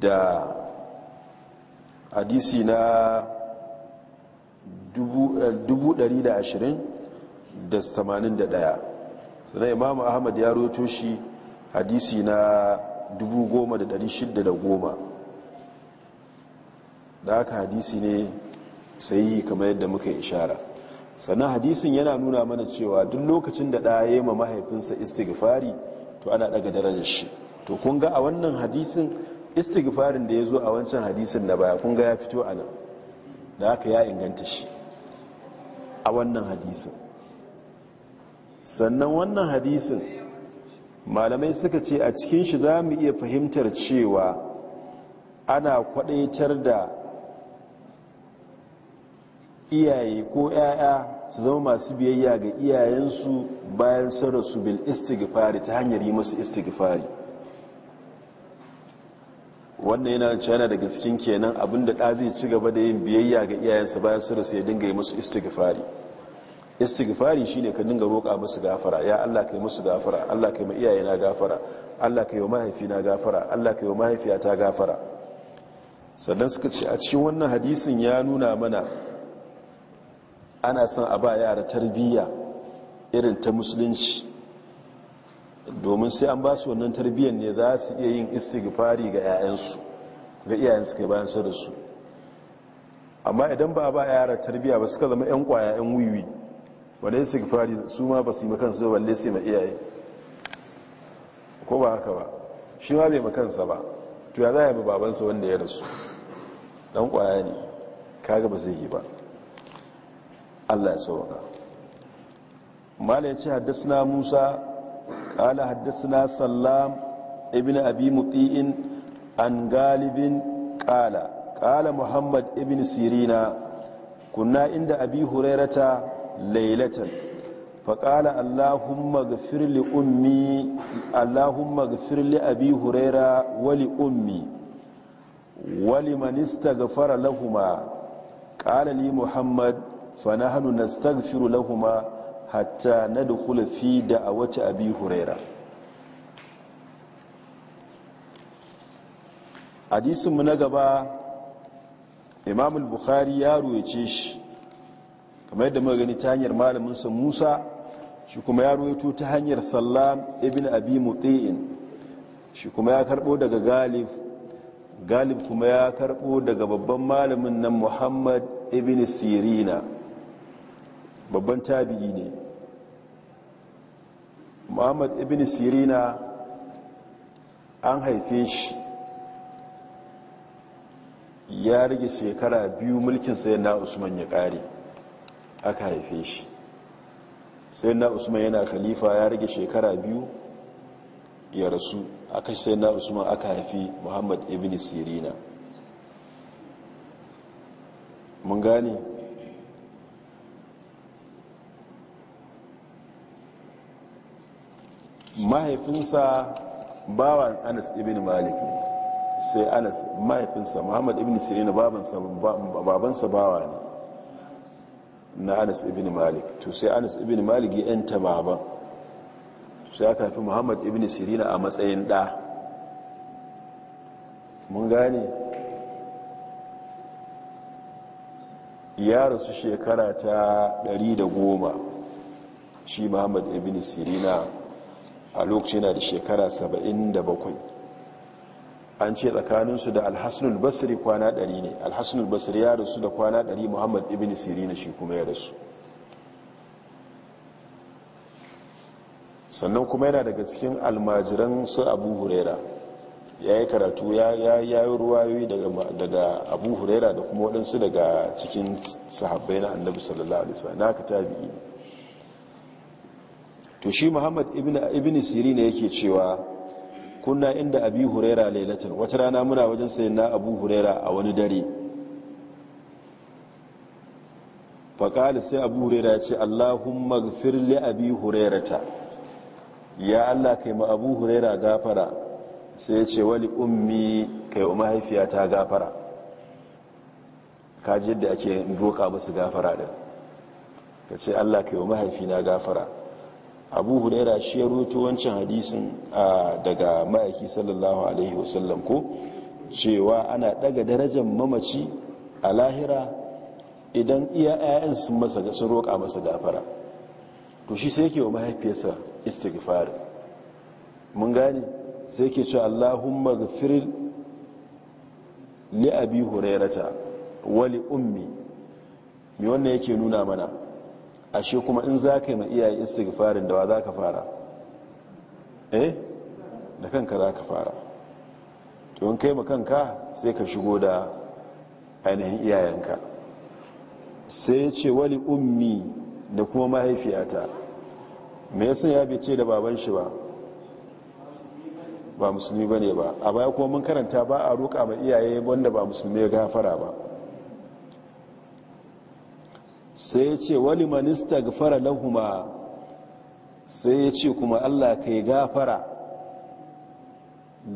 da hadisi na 120,081 eh, sannan imamu ahmad ya roto shi hadisi na 10,610 da aka hadisi ne sai kamar yadda muka ishara sannan hadisin yana nuna mana cewa duk lokacin da ɗaya ya ma mahaifinsa istighfari to ana ɗaga darajar shi to kun ga a wannan hadisin istighfarin da ya zo a wancan hadisun da baya kunga ya fito a da haka ya inganta shi a wannan hadisun sannan wannan hadisin malamai suka ce a cikin shi za mu iya fahimtar cewa ana kwadaitar da iyaye ko 'ya'ya su zama masu biyayya ga iyayensu bayan sarar su bil istighfari ta hanyar yi musu istighfari wannan yana yana daga cikin kenan abinda da zai ci gaba da yin biyayya ga iyayensa bayan su rasu ya dinga yi musu istighfari istighfari shine ka dinga roƙa musu gafara ya Allah kai musu gafara Allah kai ma iyayena gafara Allah kai wa mahaifina gafara Allah kai wa mahaifiyata gafara sannan suka ce a cikin wannan hadisin ya nuna mana ana son a ba yara tarbiyya irin ta musulunci domin sai an ba su wannan tarbiyyar ne za su iya yin istighfari ga 'ya'yansu ga iyayensu kai bayan su da su amma idan ba a ba yara tarbiyya ba suka zama 'yan kwaya 'yan wiwi wanda istighfari su ma ba su yi makansu ba balle sai ma iyaye ko ba haka ba shi ma bai makansa ba to ya za ya bi babansa wanda ya rasu dan kwaya ne kaga ba zai yi ba Allah ya sauka mala ya ce haddasa musa قال حدثنا سلام ابن أبي مطيء عن غالب قال قال محمد ابن سيرين كنا عند أبي هريرة ليلة فقال اللهم اغفر لأمي اللهم اغفر لأبي هريرة ولأمي ولمن استغفر لهما قال لي محمد فنحن نستغفر لهما hatta na dukula fi da a wata abi huraira hadisinmu na gaba imamul bukhari ya ruwace shi kamar yadda muka gani ta hanyar malaminsa musa shi kuma ya ruwaito ta hanyar sallam ibn abi mutsi'in shi kuma ya karbo daga galib galib kuma ya karbo daga babban malamin nan muhammad ibn sirina babban tabi'i ne muhammad ibn sirina an haife shi ya rage shekara biyu mulkin na usman ya kare aka haife shi na usman yana khalifa ya rage shekara biyu ya rasu aka na usman aka haifi muhammad ibn sirina mun gane mahaifinsa bawan anas ibn malik ne sai anas mahaifinsa muhammad ibn sirina babansa bawa ne na anas ibn malik to sai anas ibn malik ya yanta baban sai aka fi muhammad ibn sirina a matsayin ɗa mun gane ya rasu shekara ta 110 shi muhammad ibn sirina a lokaci yana da shekara 77 an ce tsakaninsu da alhassanul basri kwana 100 ne alhassanul basri ya rasu da kwana 100 muhammad ibn sirina shi kuma ya rasu sannan kuma yana daga cikin almajiran su abu huraira ya yi karatu ya yi ruwayoyi daga abu huraira da kuma waɗansu daga cikin sahabbai na annabi sallallahu alaihi wasallam na ka tabi'i ne to shi muhammad ibn siri ne yake cewa kunna inda abi huraira lailatar wata rana muna wajen sayin na abu huraira a wani dare faƙali sai abu huraira ce allahumma gfir li hurera ta ya allah kai ma abu huraira gafara sai ce wali ummi kai wa mahaifiyata gafara kaji yadda ake doka musu gafara din ka ce allah kai wa mahaifina gafara abu hudaira shi ya ruto wancan hadisin daga ma'aiki sallallahu alaihi wasallam ko cewa ana daga darajar mamaci a lahira idan iya 'ya'yan sun masa sun roƙa masa gafara to shi sai yake wa mahaifiyarsa istighfar mun gane sai yake cewa Allahumma ghfir li abi hurairata wa ummi me wannan yake nuna mana ashe kuma in za ka yi ma iyaye istighfarin da wa za ka fara eh da kanka za ka fara to in kai ma kanka sai ka shigo da ainihin iyayenka sai ce wali ummi da kuma mahaifiyata me yasa ya bai da baban shi ba ba musulmi ba ne ba a baya kuma mun karanta ba a roƙa ma iyaye wanda ba musulmi ya gafara ba sai ya ce wani manista gafara kuma sai ya ce kuma allah ka yi gafara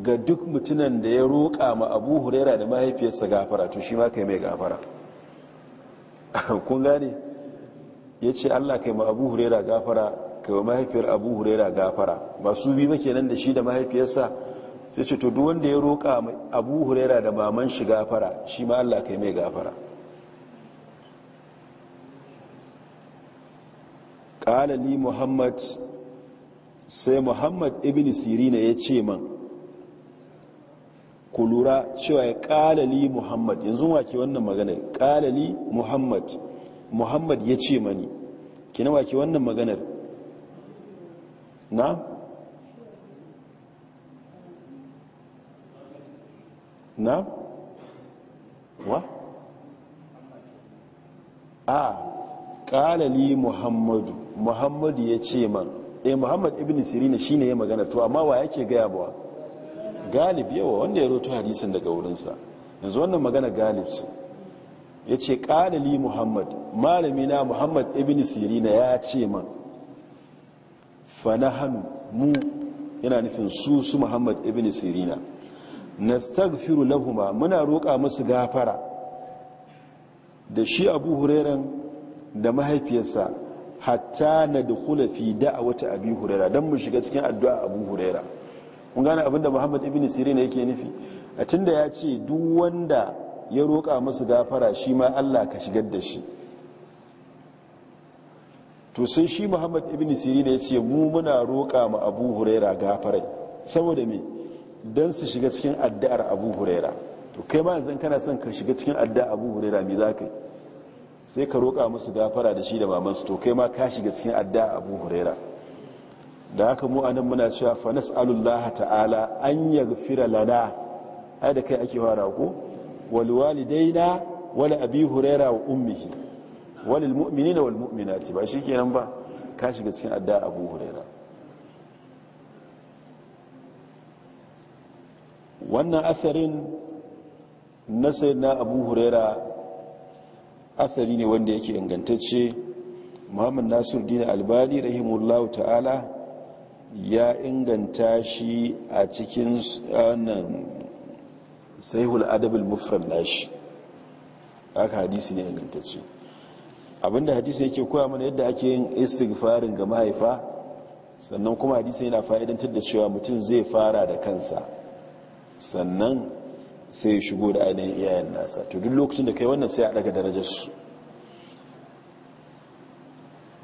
ga duk mutunan da ya roƙa ma abu huraira da mahaifiyarsa gafara to shi ma ka yi mai gafara kun gane ya ce allah ka yi ma abu huraira gafara ka yi mahaifiyar abu huraira gafara masu bi make nan da shi da mahaifiyarsa sai ce to duwanda wanda ya roƙa abu huraira da maman shi gafara shi ma allah ka yi mai gafara ƙala li muhammad sai muhammad ibn sirina ya ce man ku lura cewa ya ƙala li muhammad yanzu wake wannan maganar ƙala li muhammad muhammad ya ce mani kina wake wannan maganar na na wa a ah, ƙala li muhammadu muhammadu ya ce man eh muhammad ibn sirina shine ya magana to amma wa yake gaya bawa galib yawa wanda ya roto hadisin daga wurinsa yanzu wannan magana galib ce ya ce ƙalali muhammad malamina muhammad ibn sirina ya ce man fanahanu mu yana nufin su su muhammad ibn sirina na stagfiru lahuma muna roƙa masu gafara da shi abu hureren da mahaifiyarsa hatta na dukula fi da'awata abi huraira don mu shiga cikin addu'a abu huraira mun gane abinda muhammad ibn sirin yake nufi a da ya ce duk wanda ya roƙa musu gafara shi ma allah ka shigar da shi to sai shi muhammad ibn sirin ya ce mu muna roƙa ma abu huraira gafarai saboda me don su shiga cikin addu'ar abu huraira to kai ma yanzu kana son ka shiga cikin addu'ar abu huraira me za ka yi sai ka roƙa musu gafara da shi da mamansu to kai ma ka shiga cikin adda abu huraira da haka mu anan muna cewa fa nas'alullaha ta'ala an yaghfira lana ai da kai ake fara ko wal walidaina wal abi huraira wa ummihi wal mu'minina wal mu'minati ba shikenan ba ka shiga cikin adda abu huraira wannan asarin na sayyidina abu huraira athari ne wanda yake ingantacce muhammad nasir dina albani rahimullahu ta'ala ya inganta shi a cikin wannan sahihul adabul mufrad nashi haka hadisi ne ingantacce abinda hadisi yake koya mana yadda ake yin istighfarin ga mahaifa sannan kuma hadisi yana fa'idantar da cewa mutum zai fara da kansa sannan sai ya shigo da ainihin iyayen nasa to duk lokacin da kai wannan sai a daga darajarsu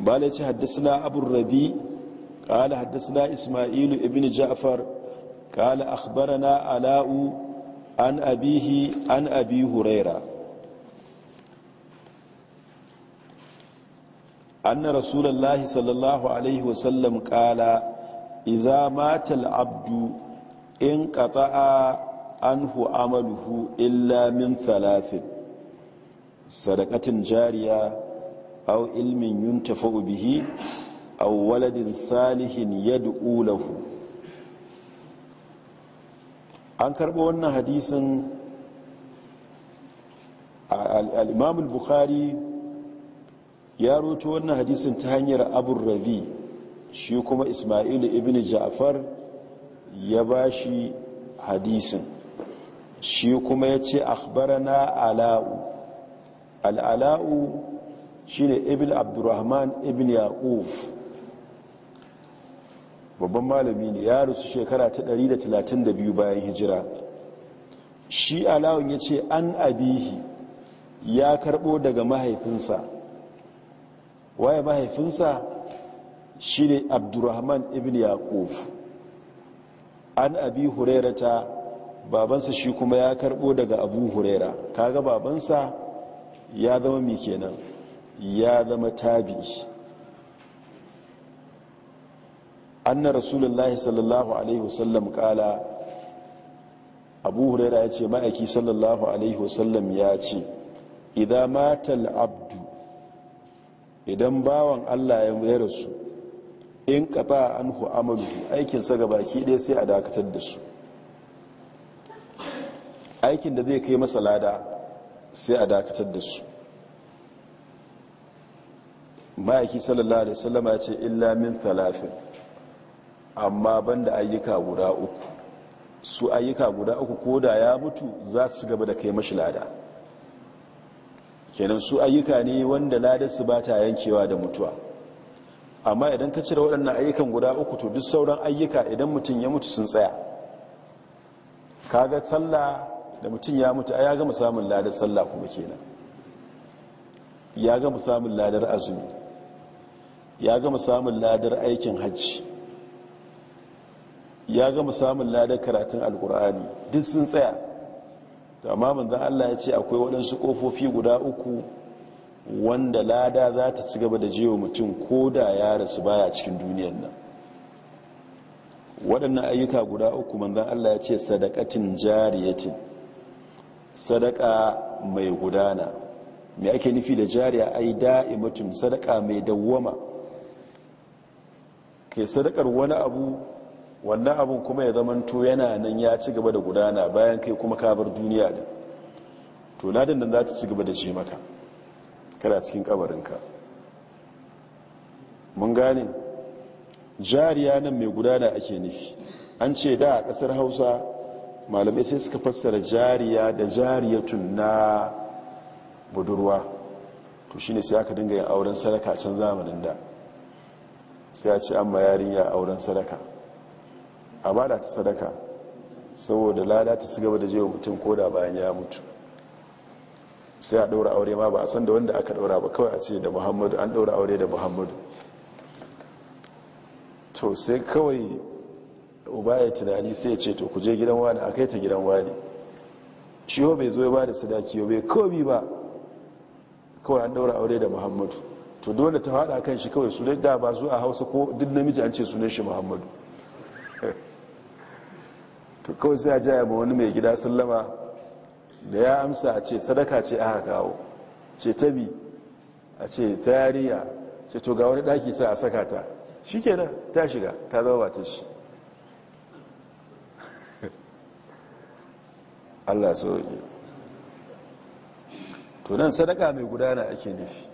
ba da ya ce haddasa abu rabi kala haddasa ismailu ibnu ja'far kala akbara na ala'u an abihi an abi huraira an na rasulallah sallallahu alaihi wasallam kala iza mata al'abdu in kafa'a anhu amaluhu illa min thalathin sadaqatin jariya aw ilmin yuntafa'u bihi aw waladin salihin yad'u lahu an karɓo wannan hadisin al-imam al-bukhari ya roto wannan hadisin ta hanyar abun rabi shi kuma ismailu ibn ja'far ya bashi hadisin shi kuma ya ce akhbarana ala'u al'ala'u shi ne ibn abdurrahman ibn ya'uf babban malami ne ya rusu shekara ta 132 bayan hijira shi ala'un ya ce an abihi ya karbo daga mahaifinsa waye mahaifinsa shi ne abdurrahman ibn ya'uf an abi hurairata babansa shi kuma ya karbo daga abu huraira kaga babansa ya zama mi kenan ya zama tabi'i anna rasulullahi sallallahu alaihi wasallam kala abu huraira ya ce ma'aiki sallallahu alaihi wasallam ya ce idan matal abdu idan bawan allah ya rasu in kafa an hu amalu aikinsa ga baki ɗaya sai a dakatar da su aikin da zai kai masa lada sai a dakatar da su ma'aiki sallallahu alaihi sallama ya ce illa min talafin amma banda ayyuka guda uku su ayyuka guda uku ko da ya mutu za su gaba da kai mashi lada kenan su ayyuka ne wanda ladarsu ba ta yankewa da mutuwa amma idan ka cire waɗannan ayyukan guda uku to duk sauran ayyuka idan mutum ya mutu sun tsaya Ka ga sallah da mutum ya mutu a ya gama samun ladar sallah kuma kenan ya gama samun ladar azumi ya gama samun ladar aikin hajji ya gama samun ladar karatun alkur'ani duk sun tsaya to amma zan Allah ya ce akwai waɗansu ƙofofi guda uku wanda lada za ta ci gaba da jewa mutum ko da ya rasu baya cikin duniyar nan waɗannan ayyuka guda uku manzan Allah ya ce sadakatin jariyatin sadaka mai gudana mai ake nufi da jariya ai mutum sadaka mai dawwama ke sadakar wani abu wannan abun kuma ya zamanto yana nan ya ci gaba da gudana bayan kai kuma kabar duniya da to na nan za ta ci gaba da ce maka kada cikin kabarinka mun gane jariya nan mai gudana ake nufi an ce da a kasar hausa malamai sai suka fassara jariya da jariyatun na budurwa to shine sai aka dinga yin auren sadaka can zamanin da sai a ci an yarinya auren sadaka a ba da ta sadaka saboda lada ta su gaba da jewa mutum ko da bayan ya mutu sai a ɗaura aure ma ba a san da wanda aka ɗaura ba kawai a ce da muhammadu an ɗaura aure da muhammadu to sai kawai uba ya tunani sai ce to kuje gidan wani a kai ta gidan wani shi yau bai zo ya ba da sadaki yau bai komi ba kawai an daura aure da muhammadu to dole ta hada kan shi kawai sunan da ba zuwa hausa ko duk namiji an ce sunan shi muhammadu to kawai sai a jaya ma wani mai gida sallama da ya amsa a ce sadaka ce aka kawo ce tabi a ce tariya ce to ga wani daki sai a saka ta shi kenan ta shiga ta zama ba ta shi allah sauƙi tunan sadaka mai gudana ake nufi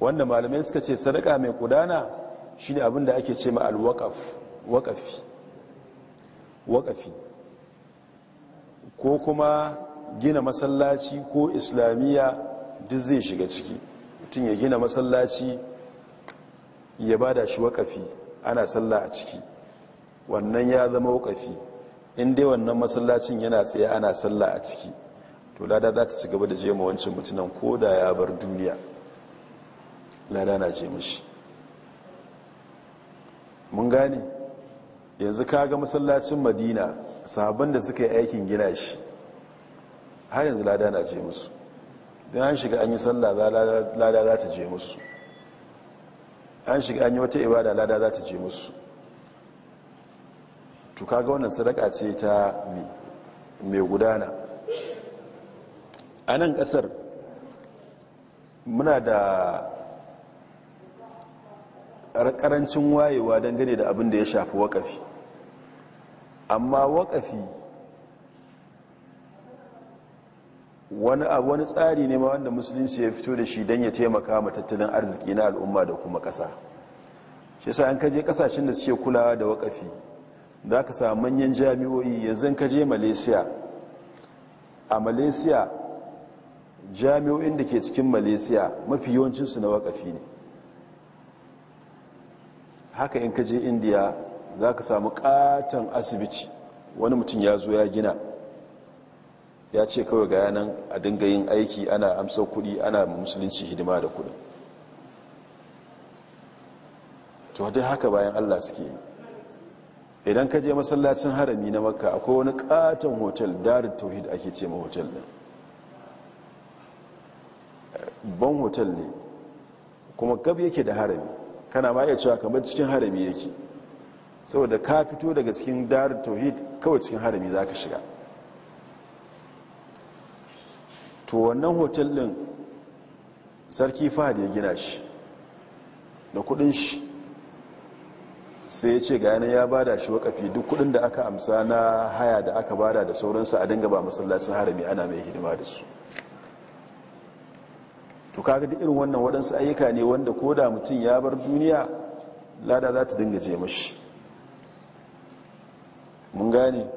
wanda malamai suka ce sadaka mai gudana shine abinda ake ce ma alwakaf wakafi wakafi ko kuma gina masallaci ko islamiyya duk zai shiga ciki mutum ya gina masallaci ya bada shi wakafi ana sallah a ciki wannan ya zama wakafi in dai wannan masallacin yana tsaye ana sallah a ciki to lada za ta ci gaba da jema wancan mutunan ko da ya bar duniya lada na je shi. mun gane yanzu kaga masallacin madina sabon da suka yi aikin gina shi har yanzu lada na je musu don an shiga an yi sallah lada za ta je musu an shiga an yi wata ibada lada za ta je musu to kaga wannan sadaka ce ta mai gudana a nan kasar muna da karancin wayewa dangane da abin da ya shafi wakafi amma wakafi wani tsari ne ma wanda musulunci ya fito da shi don ya taimaka ma tattalin arziki na al'umma da kuma ƙasa shi sa an kaje ƙasashen da suke kulawa da wakafi da aka samu manyan jami'o'i yanzu ka je malaysia a malaysia jami'o'in da ke cikin malaysia mafi yawancinsu na wakafi ne haka in ka je india za ka samu katon asibiti wani mutum ya zo ya gina ya ce kawai ga yanan a dinga yin aiki ana amsa kudi ana musulunci hidima da kudin to dai haka bayan allah suke yi idan ka je masallacin harami na makka akwai wani katon hotel darin tauhid ake ce ma hotel ne ban hotel ne kuma gab yake da harami kana ma iya cewa kamar cikin harami yake saboda ka fito daga cikin darin tauhid kawai cikin harami za ka shiga to wannan hotel din sarki fahad ya gina shi da kudin shi sai ya ce ga ya bada shi wakafi duk kudin da aka amsa na haya da aka bada da sauransu a dinga ba masallacin harami ana mai hidima da su to kaga duk irin wannan waɗansu ayyuka ne wanda ko da mutum ya bar duniya lada za ta dinga je mashi mun gane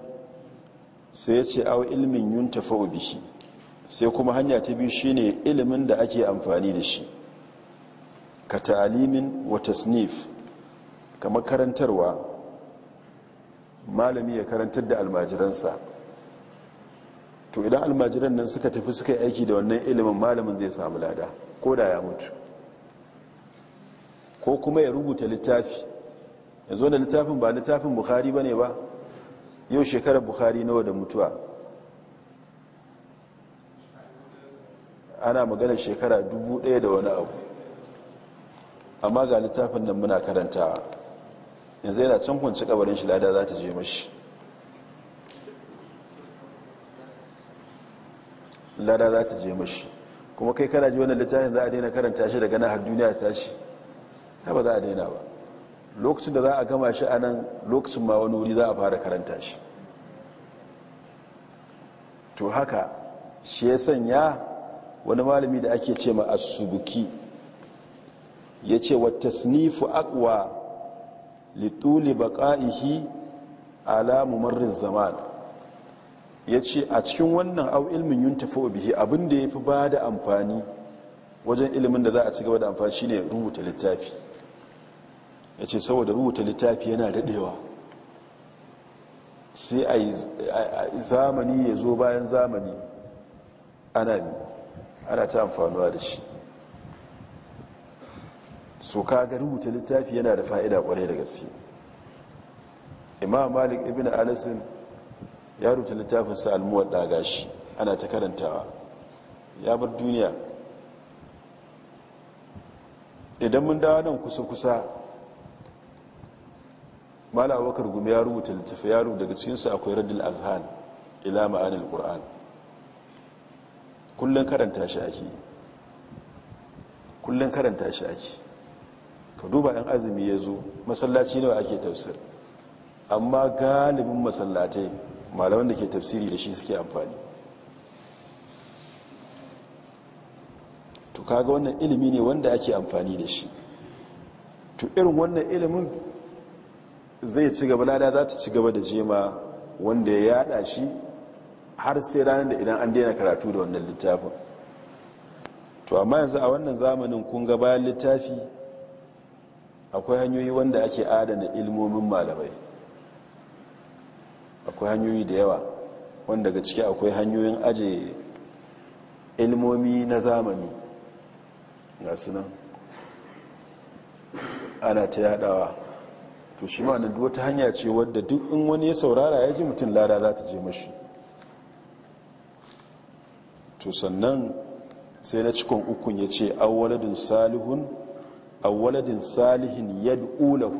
sai ya ce awa ilimin yun tafa bihi sai kuma hanya ta biyu shine ilimin da ake amfani da shi ka ta'alimin wa tasnif kamar karantarwa malami ya karantar da almajiransa to idan almajiran nan suka tafi suka yi aiki da wannan ilimin malamin zai samu lada ko da ya mutu ko kuma ya rubuta littafi ya zo da littafin ba littafin buhari ba ne ba yau shekarar buhari nawa da mutuwa ana maganar shekara dubu daya da wani abu amma ga littafin nan muna karantawa yanzu yana can kunci kabarin shi lada za ta je mashi lada za ta je mashi kuma kai kana ji wannan littafin za a daina karanta shi daga nan har duniya ta shi ta ba za a daina ba lokacin da za a gama shi a nan lokacin ma wani wuri za a fara karanta shi to haka shi ya sanya wani malami da ake ce ma asubuki ya ce wa tasnifu akwa lituli baqa'ihi ala mumarriz zaman yace a cikin wannan au ilmin yuntafa bihi abinda yafi bada amfani wajen ilimin da za a ci gaba da amfani shine rubuta littafi yace saboda rubuta littafi yana daɗewa sai a zamani ya zo bayan zamani ana ta amfanuwa da shi so kaga rubuta littafi yana da fa'ida kwarai da gaske imam malik ibn alisin ya rubuta sa almuwar dagashi ana ta karantawa ya bar duniya idan mun dawo nan kusa-kusa malawakar gumi ya rubuta littafi ya rubuta daga cikinsu akwai radin azhan ila ma'anin ƙur'an kullum karanta shi ake kullum karanta shi ake ka duba yan azumi ya zo masallaci nawa ake tafsir amma galibin masallatai malaman da ke tafsiri da shi suke amfani to kaga wannan ilimi ne wanda ake amfani da shi to irin wannan ilimin zai ci gaba lada za ta ci gaba da jema wanda ya yada shi har sai ranar da idan an daina karatu da wannan littafin to amma yanzu a wannan zamanin kun ga bayan littafi akwai hanyoyi wanda ake adana ilmomin malamai akwai hanyoyi da yawa wanda daga ciki akwai hanyoyin aje ilmomi na zamani ga sunan ana ta yadawa to shi ma nan wata hanya ce wadda duk in wani ya saurara ya ji mutum lada za ta je mashi to sannan sai na cikon ukun ya ce awwaladun salihun a waladin salihin yad'ulahu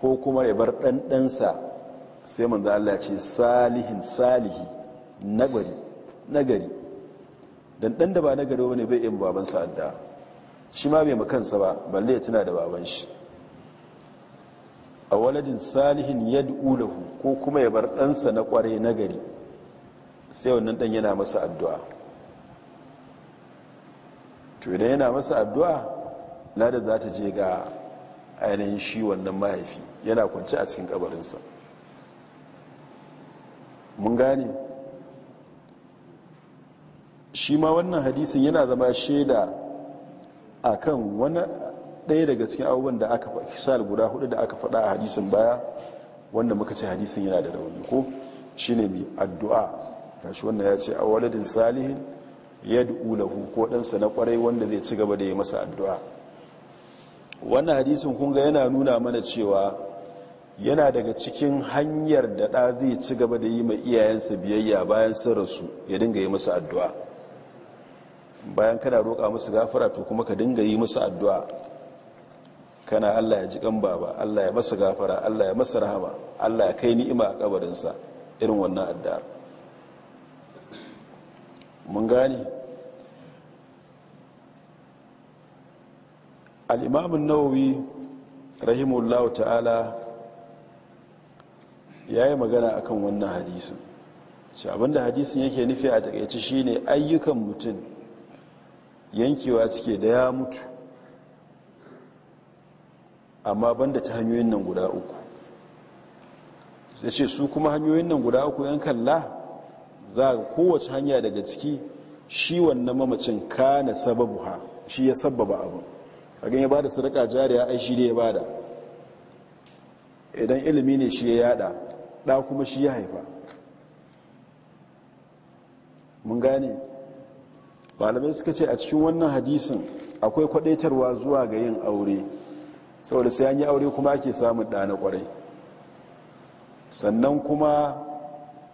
ko kuma ya bar ɗanɗansa sai manzo Allah ce salihin salihi nagari nagari dan ɗan da ba nagari wani bai yin babansa addu'a shi ma bai makansa ba balle ya tuna da baban shi a waladin salihin yad'ulahu ko kuma ya bar ɗansa na ƙware nagari sai wannan ɗan yana masa addu'a to idan yana masa addu'a lada za ta je ga ainihin shi wannan mahaifi yana kwanci a cikin kabarinsa mun gane shi ma wannan hadisin yana zama shaida a kan wani ɗaya daga cikin abubuwan da aka faɗi guda hudu da aka faɗa a hadisin baya wanda muka ce hadisin yana da rauni ko shi ne mai addu'a shi wannan ya ce a waladin salihin ya ulahu ko ɗansa na ƙwarai wanda zai ci gaba da yi masa addu'a wannan hadisin kunga yana nuna mana cewa yana daga cikin hanyar da ɗa zai ci gaba da yi mai iyayensa biyayya bayan sun rasu ya dinga yi musu addu'a bayan kana roƙa masu gafara to kuma ka dinga yi masu addu'a kana allah ya ji kan baba allah ya masa gafara allah ya masa rahama allah ya kai ni'ima a ƙabarinsa, irin wannan addu'ar mun gane al'imamun nawawi rahimullahu ta'ala ya yi magana a kan wannan hadisun shi abinda hadisun yake nufi a takaici shine ayyukan mutum yankewa suke da ya mutu amma banda ta hanyoyin nan guda uku ya ce su kuma hanyoyin nan guda uku yan kalla za ga kowace hanya daga ciki shi wannan mamacin ka na sababu ha shi ya sababa abu kagan ya bada sadaka jariya ai shi ne ya bada idan ilimi ne shi ya yada da kuma shi ya haifa mun gane malamai suka ce a cikin wannan hadisin akwai kwadaitarwa zuwa ga yin aure saboda sai an yi aure kuma ake samun dana kwarai sannan kuma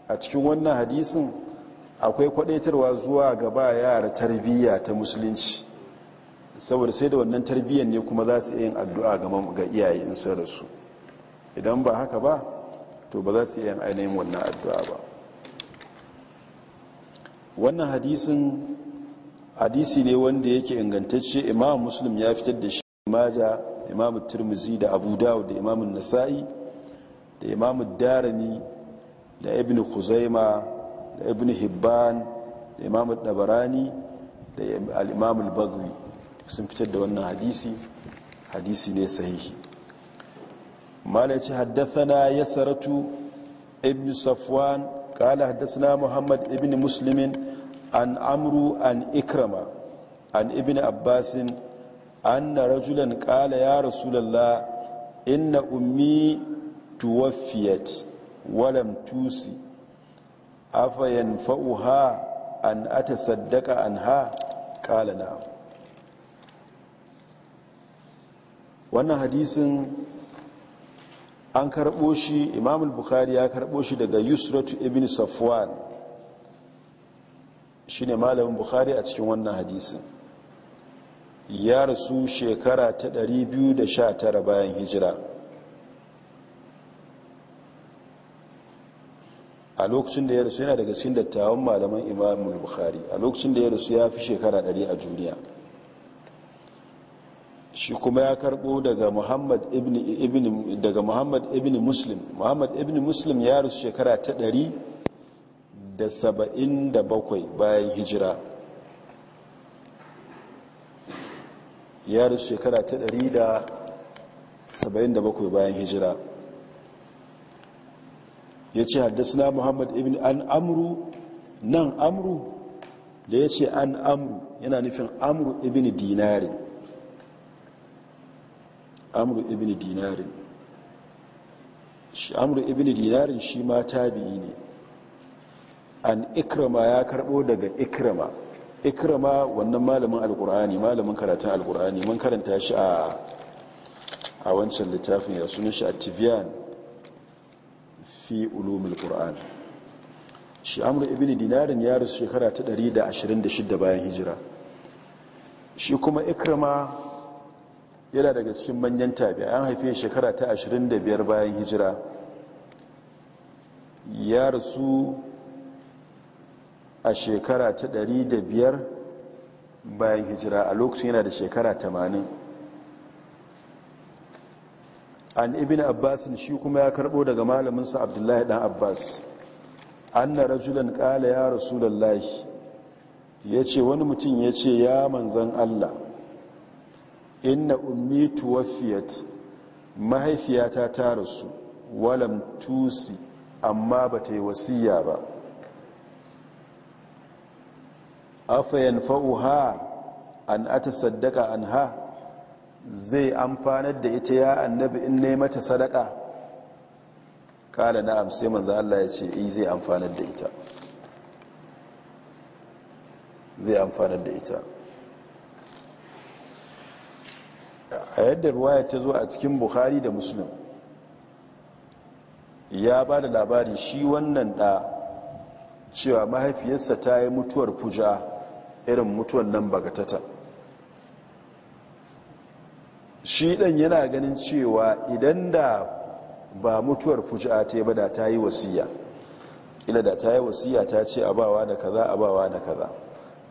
a cikin wannan hadisin akwai kwadaitarwa zuwa ga ba yara tarbiyya ta musulunci saboda sai da wannan tarbiyyar ne kuma za su yin addu'a ga iyaye in sun rasu idan ba haka ba to ba za su yin ainihin wannan addu'a ba wannan hadisin hadisi ne wanda yake ingantacce imam muslim ya fitar da shi maja imam turmuzi da abu dawud da imam nasa'i da imam darani da ibn khuzaima da ibn hibban da imam dabarani da al-imam al-bagwi sun fitar da wannan hadisi hadisi ne sahihi malaci haddathana ya saratu ibn safwan kala haddathana muhammad ibn muslimin an amru an ikrama an ibn abbasin anna rajulan kala ya rasulallah inna ummi tuwaffiyat walam tusi afa yanfa'uha an atasaddaqa anha qala na'am wannan hadisin an karɓo shi imam bukhari ya karɓo shi daga yusratu ibn safwan shi ne malamin bukhari a cikin wannan hadisin ya rasu shekara ta 219 bayan hijira a lokacin da ya rasu yana daga cikin dattawan malaman imam bukari. a lokacin da ya rasu ya fi shekara 100 a duniya shi kuma ya karbo daga muhammad ibn ibn daga muhammad ibn muslim muhammad ibn muslim ya rusu shekara ta bakwai bayan hijira ya rusu shekara ta da da saba'in bakwai bayan hijira ya ce haddasa muhammad ibn an amru nan amru da ya ce an amru yana nufin amru ibn dinarin amru ibn dinarin shi amru ibn dinarin shi ma tabi'i ne an ikrama ya karbo daga ikrama ikrama wannan malamin alkur'ani malamin karatun alkur'ani mun karanta shi a a wancan littafin ya sunan shi a tibiyan fi ulumul qur'an shi amru ibn dinarin ya rasu shekara ta 126 bayan hijira shi kuma ikrama yana daga cikin manyan tabi an haife shekara ta 25 bayan hijira ya rasu a shekara ta 105 bayan hijira a lokacin yana da shekara 80 an ibn abbas shi kuma ya karbo daga malaminsa abdullahi dan abbas An anna rajulan kala ya rasu lallahi. Ya ce wani mutum ya ce ya manzon Allah inna ummi tuwafiyat mahaifiyata ta rasu walam tusi amma ba ta yi wasiya ba afayan fa'uha an ata saddaka an ha zai amfanar da ita ya annabi in ne mata sadaka kala na amsai manzan Allah ya ce yi eh, zai amfanar da ita zai amfanar da ita a yadda ruwaya ta zo a cikin buhari da muslim ya ba da labari shi wannan da cewa mahaifiyarsa ta yi mutuwar kuja irin mutuwar nan bagatata shi dan yana ganin cewa idan da ba mutuwar kuja ta yi ba da ta yi wasiya ila da ta yi wasiya ta ce abawa da kaza abawa da kaza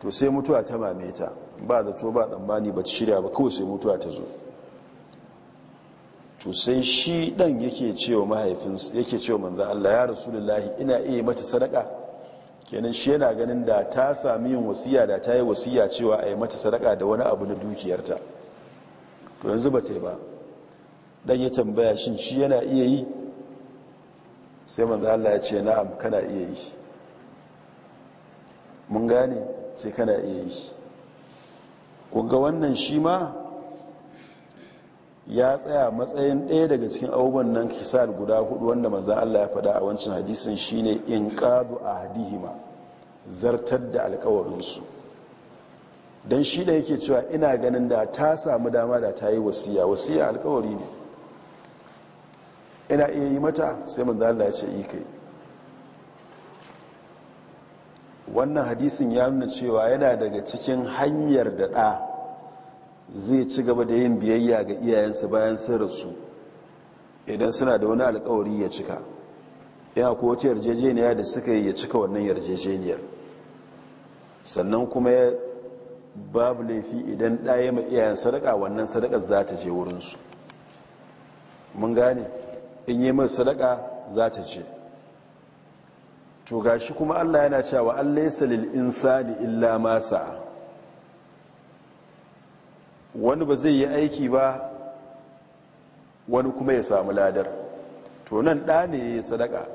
to sai mutuwa ta mame ta ba zato ba tsammani ba ta shirya ba kawai sai mutuwa ta zo to sai shi dan yake cewa mahaifinsa yake cewa manzo Allah ya rasulullahi ina iya mata sadaka kenan shi yana ganin da ta sami yin wasiya da ta yi wasiya cewa a yi mata sadaka da wani abu na dukiyarta to yanzu ba ta ba dan ya tambaya shin shi yana iya yi sai manzo Allah ya ce na'am kana iya yi mun gane sai kana iya yi kun ga wannan shi ma ya tsaya matsayin ɗaya daga cikin abubuwan nan kisar guda hudu wanda manzan Allah ya faɗa a wancan hadisin shine in ƙadu a hadihima zartar da alkawarinsu don shi da yake cewa ina ganin da ta samu dama da ta yi wasiya wasiya alkawari ne ina iya yi mata sai manzan Allah ya ce yi kai wannan hadisin ya nuna cewa yana daga cikin hanyar da ɗa zai ci gaba da yin biyayya ga iyayensa bayan sun rasu idan suna da wani alkawari ya cika ya wata yarjejeniya da suka yi ya cika wannan yarjejeniyar sannan kuma ya babu laifi idan ɗaya mai iyayen sadaka wannan sadaka za ta je wurinsu mun gane in yi mai sadaka za ta ce to gashi kuma allah yana cewa allai salil insani illa masa'a wani ba zai yi aiki ba wani kuma ya samu ladar to nan ɗa ne ya sadaka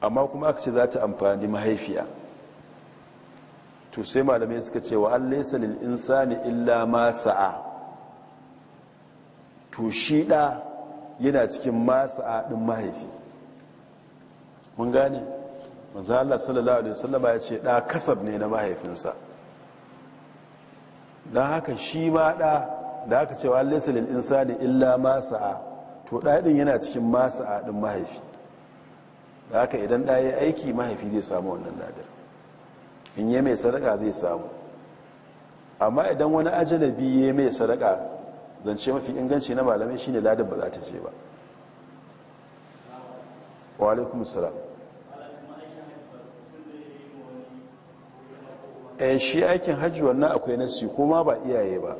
amma kuma aka ce za ta amfani mahaifiya to sai malamai suka ce wa allai salil insani illa ma sa'a to shi ɗa yana cikin ma sa'a ɗin mahaifi mun gane manzana Allah sallallahu alaihi wasallama ya ce ɗa kasab ne na mahaifinsa don haka shi ma ɗa da aka cewa lissalin insani illa masa'a to ɗaɗin yana cikin masa'a ɗin mahaifi da haka idan ɗa ya aiki mahaifi zai samu wannan ladar in yi mai sadaka zai samu amma idan wani biyu ya mai sadaka zance mafi inganci na malamai shine ladar ba za ta ce ba wa eh shi aikin hajji wannan akwai nasi kuma ba iyaye ba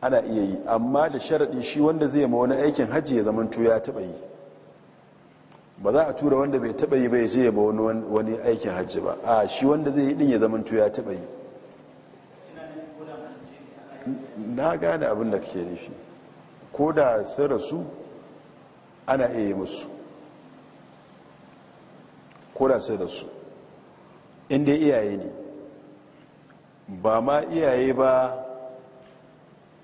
ana iya yi amma da sharaɗi shi wanda zai ma wani aikin hajji ya zama ya taɓa yi ba za a tura wanda bai taɓa yi bai je ya ma wani aikin hajji ba a shi wanda zai yi ɗin ya zama ya taɓa yi na gane abin da ke nufi ko da sun rasu ana iya yi musu ko da sun rasu inda iyaye ne ba ma iyaye ba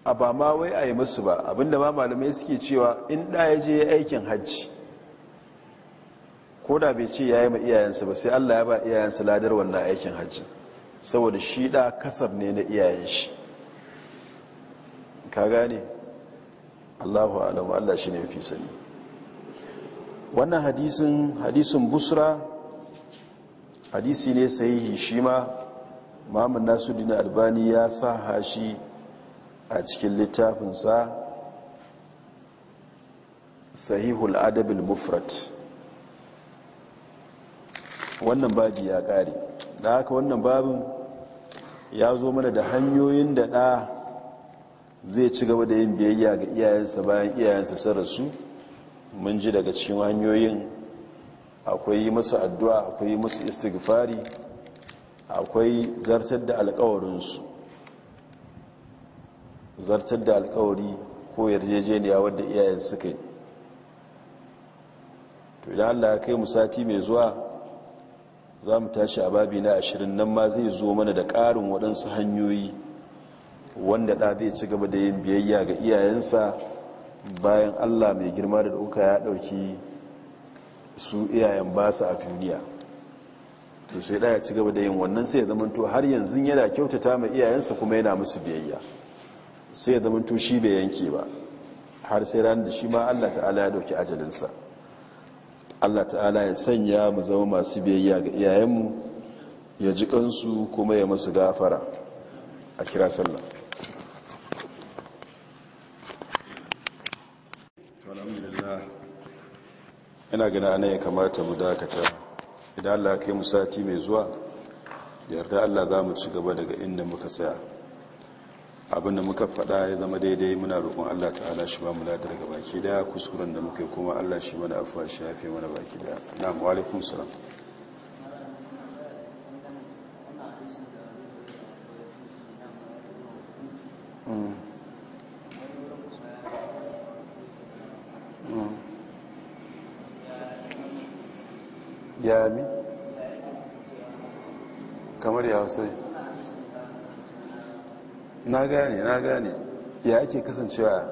a ba ma wai a yi musu ba abinda ma malamai suke cewa in ɗa ya je aikin hajji ko da bai ce ya yi ma iyayensa ba sai allah ya ba iyayensa ladar wannan aikin hajji saboda shi ɗa kasar ne na iyayen shi ka gane allahu alamu allah shi ne fi sani wannan hadisin hadisin busra hadisi ne sai shi ma muhammad nasuddin albani ya sa hashi a cikin littafinsa sahihul adabil mufrat wannan babi ya kare da haka wannan babin ya zo mana da hanyoyin da ɗa zai ci gaba da yin biyayya ga iyayensa bayan iyayensa sun rasu mun ji daga cikin hanyoyin akwai yi masu addu'a akwai yi masu istighfari akwai zartar da alkawarinsu zartar da alkawari ko yarjejeniya wadda iyayen suka yi to idan allah ya kai musati mai zuwa za mu tashi a babi na ashirin nan ma zai zo mana da ƙarin waɗansu hanyoyi wanda ɗa zai ci gaba da yin biyayya ga iyayensa bayan allah mai girma da ɗauka ya ɗauki su iyayen basa a duniya to da ya ci gaba da yin wannan sai ya zamanto har yanzu yana kyautata ma iyayensa kuma yana musu biyayya sai ya zamanto shi bai yanke ba har sai ranar da shi ma Allah ta'ala ya dauki ajalinsa Allah ta'ala ya sanya mu zama masu biyayya ga iyayenmu ya ji kansu kuma ya musu gafara a kira sallah ina gina ana ya kamata mu dakata idan allah kai musati mai zuwa da yarda allah za mu ci gaba daga inda muka tsaya abinda muka faɗa ya zama daidai muna roƙon allah ta'ala shi ba mu ladar daga baki daya kuskuren da muka yi kuma allah shi mana afuwa shi ya fi mana baki daya na salam gane na gane ya ake kasancewa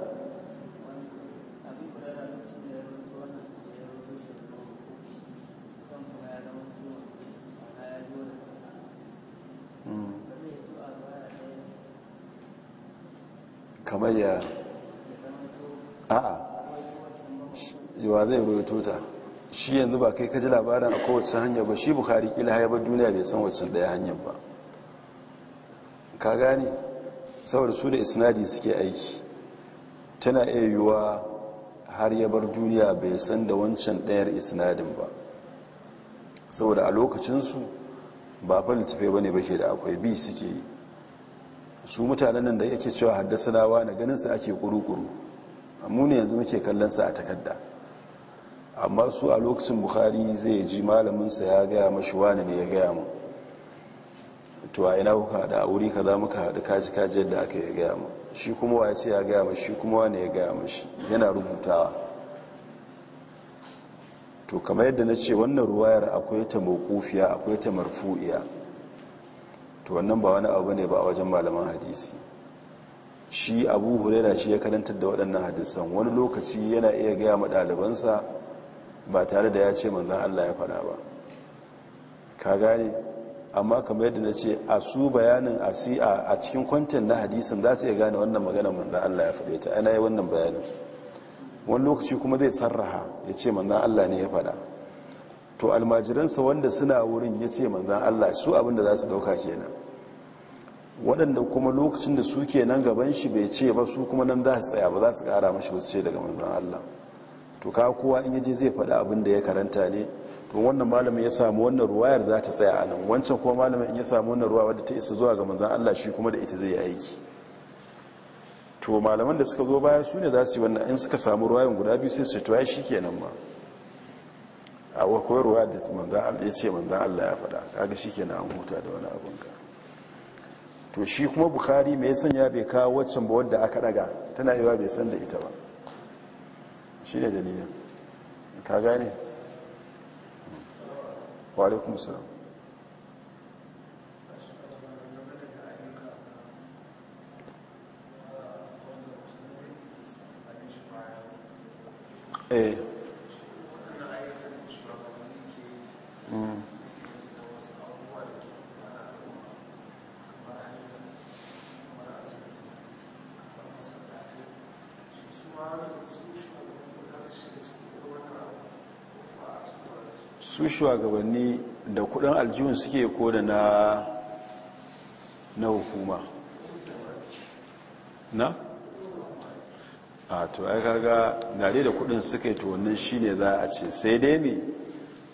hmm. kamar ya a'a yawa zai rohoto ta shi yanzu ba kai kaji labarin a kowace hanyar ba shi buhari kila haibar duniya bai san wacce daya hanyar ba ka gane saboda su da isnadi suke aiki tana iya yiwuwa har ya bar duniya bai san da wancan ɗayar isnadin ba saboda a lokacinsu ba fa littafai ba ne ba ke da akwai bi suke yi su mutanen nan da yake cewa nawa na ganin ganinsu ake kuru-kuru ne yanzu muke sa a takarda amma su a lokacin bukari zai ji malaminsa ya gaya mashi wani ne ya gaya mu to a ina kuka da a wuri ka za muka haɗu kaji kaji yadda aka yi gaya mu shi kuma wa ya ce ya gaya mashi shi kuma wani ya gaya mashi yana rubutawa to kamar yadda na ce wannan ruwayar akwai ta mokufiya akwai ta marfu'iya to wannan ba wani abu ne ba a wajen malaman hadisi shi abu na shi ya karantar da waɗannan hadisan wani lokaci yana iya gaya ma ɗalibansa ba tare da ya ce manzan allah ya faɗa ba ka gane amma kamar yadda na ce a su bayanin a cikin kwantin na hadisin za su iya gane wannan magana manzan Allah ya fada ta ana yi wannan bayanin wani lokaci kuma zai sarraha ya ce manzan Allah ne ya faɗa to almajiransa wanda suna wurin ya ce manzan Allah su abin da za su ɗauka kenan waɗanda kuma lokacin da su ke nan gaban shi bai ce ba su kuma nan za su tsaya ba za su ƙara mashi ba su ce daga manzan Allah to ka kowa in yaje zai faɗi abin da ya karanta ne to wannan malamin ya samu wannan ruwayar za ta tsaya a nan wancan kuma malamin in ya samu wannan ruwa wadda ta isa zuwa ga manzan Allah shi kuma da ita zai aiki to malaman da suka zo baya su ne za su yi wannan in suka samu ruwayan guda biyu sai su to ai shikenan ma a wakwai ruwa da manzan Allah ya ce manzan Allah ya faɗa kaga shikenan an huta da wani abun ka to shi kuma bukhari mai sanya bai kawo waccan ba wadda aka daga tana yiwa bai san da ita ba shi ne dalilin ka gane wa salam eh shugabanni da kudin aljihun suke koda na na hukuma na? a to ya kaga dare da kudin suke tuwannin shi ne za a ce sai dai ne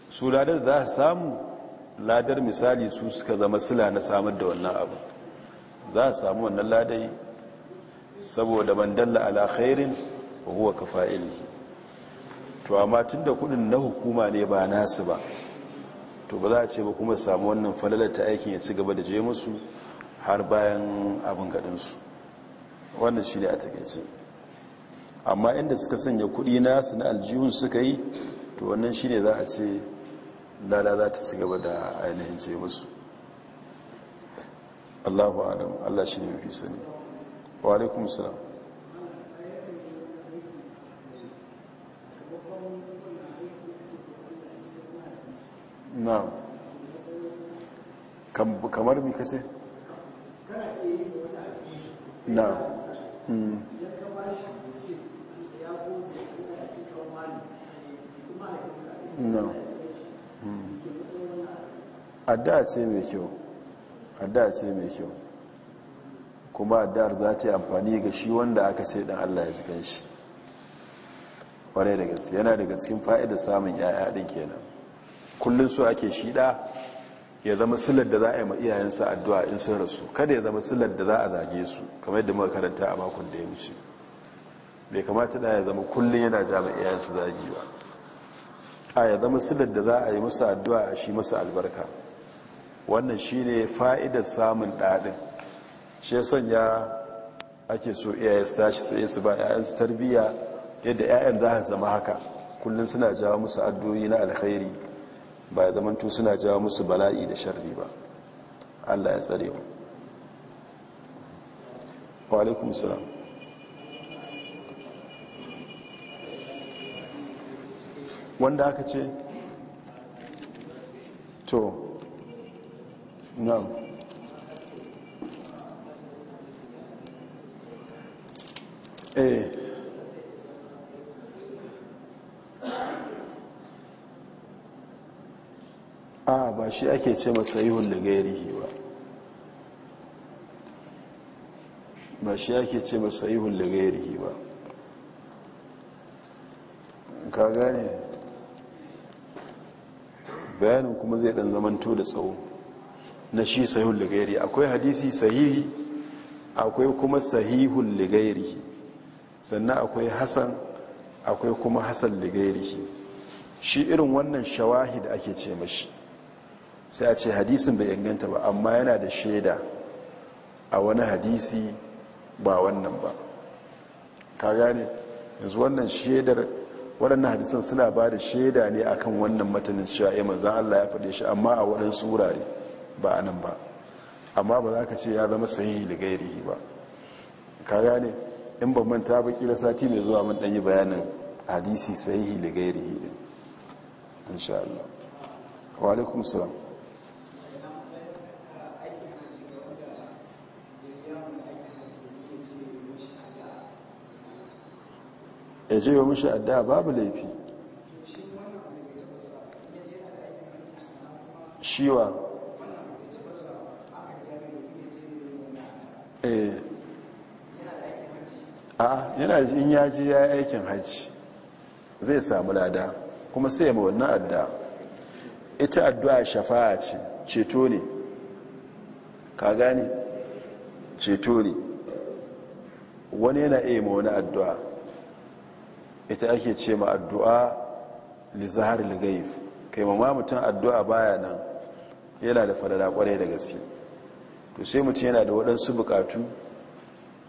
su ladar za a samu ladar misali su suka zama sila na samar da wannan abu za a samu wannan ladai saboda mandalla ala khairin wa huwa kafa'ilihi to amma da kudin na hukuma ne ba nasu ba to ba za a ce ba kuma samu wannan falalar ta aikin ya ci gaba da je musu har bayan abin gadinsu wannan shi ne a takaice amma inda suka sanya kudi nasu na aljihun suka yi to wannan shi ne za a ce lada za ta ci gaba da ainihin ce musu allahu adam allah shi ne mafi sani wa alaikum salam na kamar mi kace na hmm. na hmm. da ce mai kyau da ce mai kyau kuma a addu'ar za ta yi amfani ga shi wanda aka ce dan Allah ya ji shi kwarai da gaske yana daga cikin fa'ida samun yaya din kenan kullum so ake shida ya zama silar da za a yi ma iyayensa addu'a in sun rasu kada ya zama silar da za a zage su kamar yadda muka karanta a makon da ya wuce bai kamata da ya zama kullum yana ja iyayensa zagi ba a ya zama silar da za a yi musu addu'a a shi musu albarka wannan shi ne fa'idar samun ɗaɗin shi ya sanya ake so iyaye su tashi tsaye su ba 'ya'yansu tarbiyya yadda 'ya'yan za a zama haka kullum suna jawo musu addu'o'i na alkhairi ba ya zamanto suna jawo musu bala'i da sharri ba allah ya tsare mu wa alaikum salam wanda aka ce to nan eh shi ake ce masayihun ligairihi ba ba shi ake ce masayihun ligairihi ba ka gane bayanin kuma zai dan zamanto da tsawo na shi sahihun gairi akwai hadisi sahihi akwai kuma sahihun ligairi sannan akwai hasan akwai kuma hasan ligairi shi irin wannan shawahi da ake ce mashi sai a ce hadisin bai inganta ba amma yana da shaida a wani hadisi ba wannan ba ka gane yanzu wannan shaidar waɗannan hadisan suna ba da shaida ne akan wannan matanin cewa ya eh, manzan Allah ya faɗe shi amma a waɗansu wurare ba a nan ba amma ba za ka ce ya zama sahihi da gairihi ba ka gane in ban manta ba kila sati mai zuwa man ɗanyi bayanin hadisi sahihi da gairihi din insha Allah wa alaikum salam je yi mishi adda babu laifi shiwa eh. a yana in yaji ya yi aikin hajji zai samu lada kuma sai ma wannan adda ita addu'a shafa'a ce ceto ne ka gane ceto ne wani yana iya ma wani addu'a ita ake ce ma addu'a lizahar ligaif kai ma mutum addu'a baya nan yana da falala kwarai da gaske to sai mutum yana da waɗansu bukatu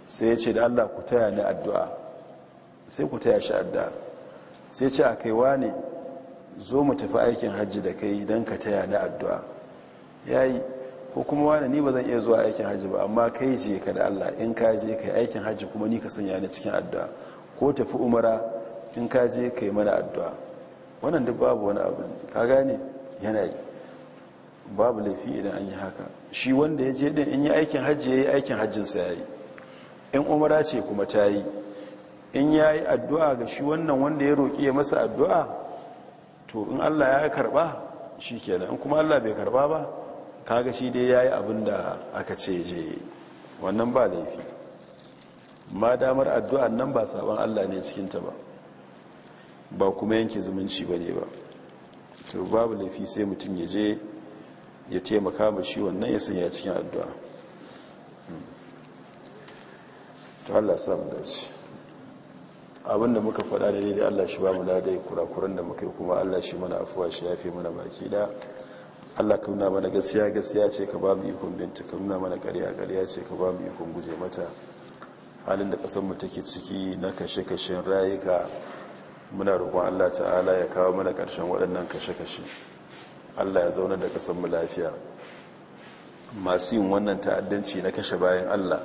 sai ya ce da allah ku taya ni addu'a sai ku taya shi addu'a sai ce a kaiwa ne zo mu tafi aikin hajji da kai don ka taya ni addu'a yayi ko kuma wani ni ba zan iya zuwa aikin hajji ba amma kai je ka da allah in ka je ka aikin hajji kuma ni ka sanya ni cikin addu'a ko tafi umara in ka je ka yi mana addu'a wannan duk babu wani abu ka gane yanayi babu laifi idan an yi haka shi wanda ya je din in yi aikin hajji ya yi aikin hajjinsa ya yi in umara ce kuma ta yi in ya yi addu'a ga shi wannan wanda ya roƙi ya masa addu'a to in allah ya karɓa shi kenan in kuma allah bai karɓa ba kaga shi dai ya yi abin da aka ce je wannan ba laifi ma damar addu'an nan ba sabon allah ne cikinta ba ba kuma yanke zumunci ba ne ba to babu laifi sai mutum ya je ya taimaka ma shi wannan ya sanya cikin addu'a to Allah sa dace abinda muka faɗa da ne da Allah shi ba mu ladai kurakuran da muka yi kuma Allah shi mana afuwa shi ya fi mana baki da Allah ka nuna mana gaskiya gaskiya ce ka ba mu ikon binta ka nuna mana ƙarya ƙarya ce ka ba mu ikon guje mata halin da ƙasar mu take ciki na kashe-kashen rayuka muna roƙon allah ta'ala ya kawo mana ƙarshen waɗannan kashe-kashe allah ya zauna da ƙasanmu lafiya masu yin wannan ta'addanci na kashe bayan allah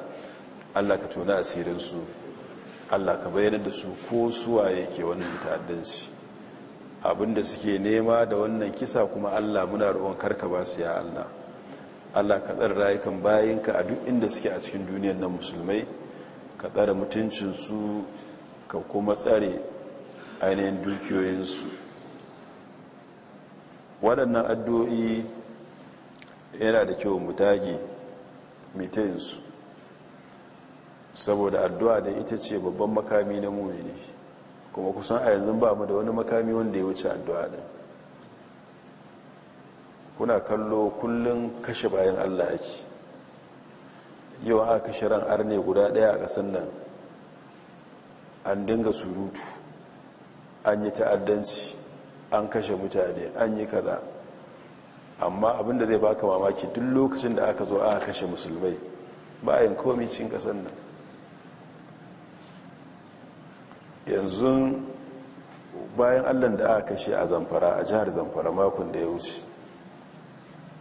allah ka tona asirinsu allah ka bayyana da su ko suwaye ke wannan ta'addanci abinda suke nema da wannan kisa kuma allah muna roƙon karka ba su ya allah allah ka tsara rayukan bayanka a duk inda suke a cikin duniyar nan musulmai ka tsara mutuncinsu ka kuma tsare ainihin dukiyoyinsu waɗannan addu'o'i yana da kyau mutage mitayinsu saboda addu'a da ita ce babban makami na ne kuma kusan a yanzu ba mu da wani makami wanda ya wuce addu'a ɗin kuna kallo kullum kashe bayan allah ake yau aka kashe ran arne guda ɗaya a ƙasar nan an dinga surutu an yi ta'addanci an kashe mutane an yi kaza amma abinda zai baka mamaki duk lokacin da aka zo aka kashe musulmai bayan komi cin kasan nan yanzu bayan allon da aka kashe a zamfara a jihar zamfara makon da ya wuce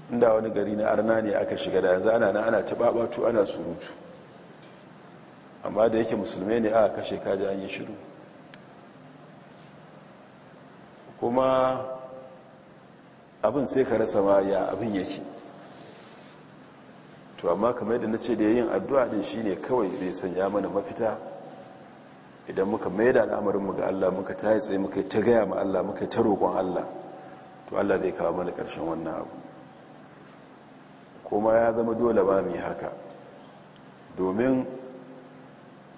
inda wani gari na arna ne aka shiga da yanzu ana na ana taɓaɓatu ana surutu amma da yake musulmai ne aka kashe kaji an yi shiru kuma abin sai ka rasa ma ya abin yake to amma kamar da na ce da yin addu'a din shine kawai zai sanya mana mafita idan muka mai da al'amarinmu ga Allah muka ta tsaye muka ta gaya ma Allah muka ta roƙon Allah to Allah zai kawo mana ƙarshen wannan abu kuma ya zama dole ba mu haka domin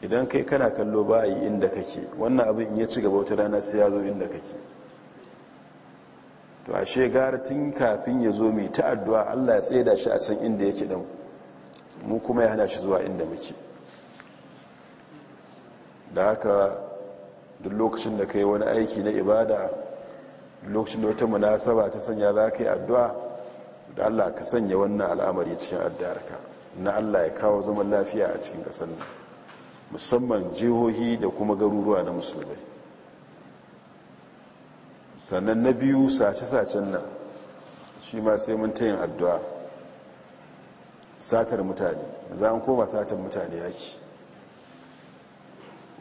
idan kai kana kallo ba yi inda kake wannan abin ya ci gaba wata rana sai ya zo inda kake to ashe gara tun kafin ya zo mai ta'addu'a allah ya tseda shi a can inda yake dan mu kuma ya hana shi zuwa inda muke da haka duk lokacin da ka yi wani aiki na ibada lokacin da wata munasaba ta sanya za ka yi addu'a da allah ka sanya wannan al'amari cikin addu'arka na allah ya kawo zaman lafiya a cikin ƙasar musamman jihohi da kuma garuruwa na musulmai sannan na biyu sace-sacen nan shi ma sai mun ta yin addu'a satar mutane za a koma satar mutane yaki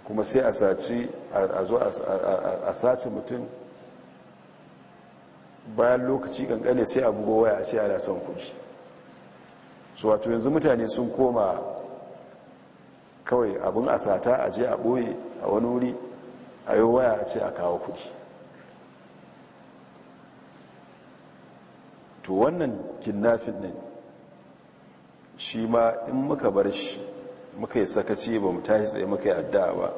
kuma sai a saci a zo a sace mutum bayan lokaci kankane sai a bugo waya a ce ana son kuɗi su wato yanzu mutane sun koma kawai abin a sata a je a ɓoye a wani wuri a yi waya a ce a kawo kuɗi to wannan kinnafin ne shi ma in muka bar shi muka yi sakaci ba mu tashi tsaye muka yi addu'a ba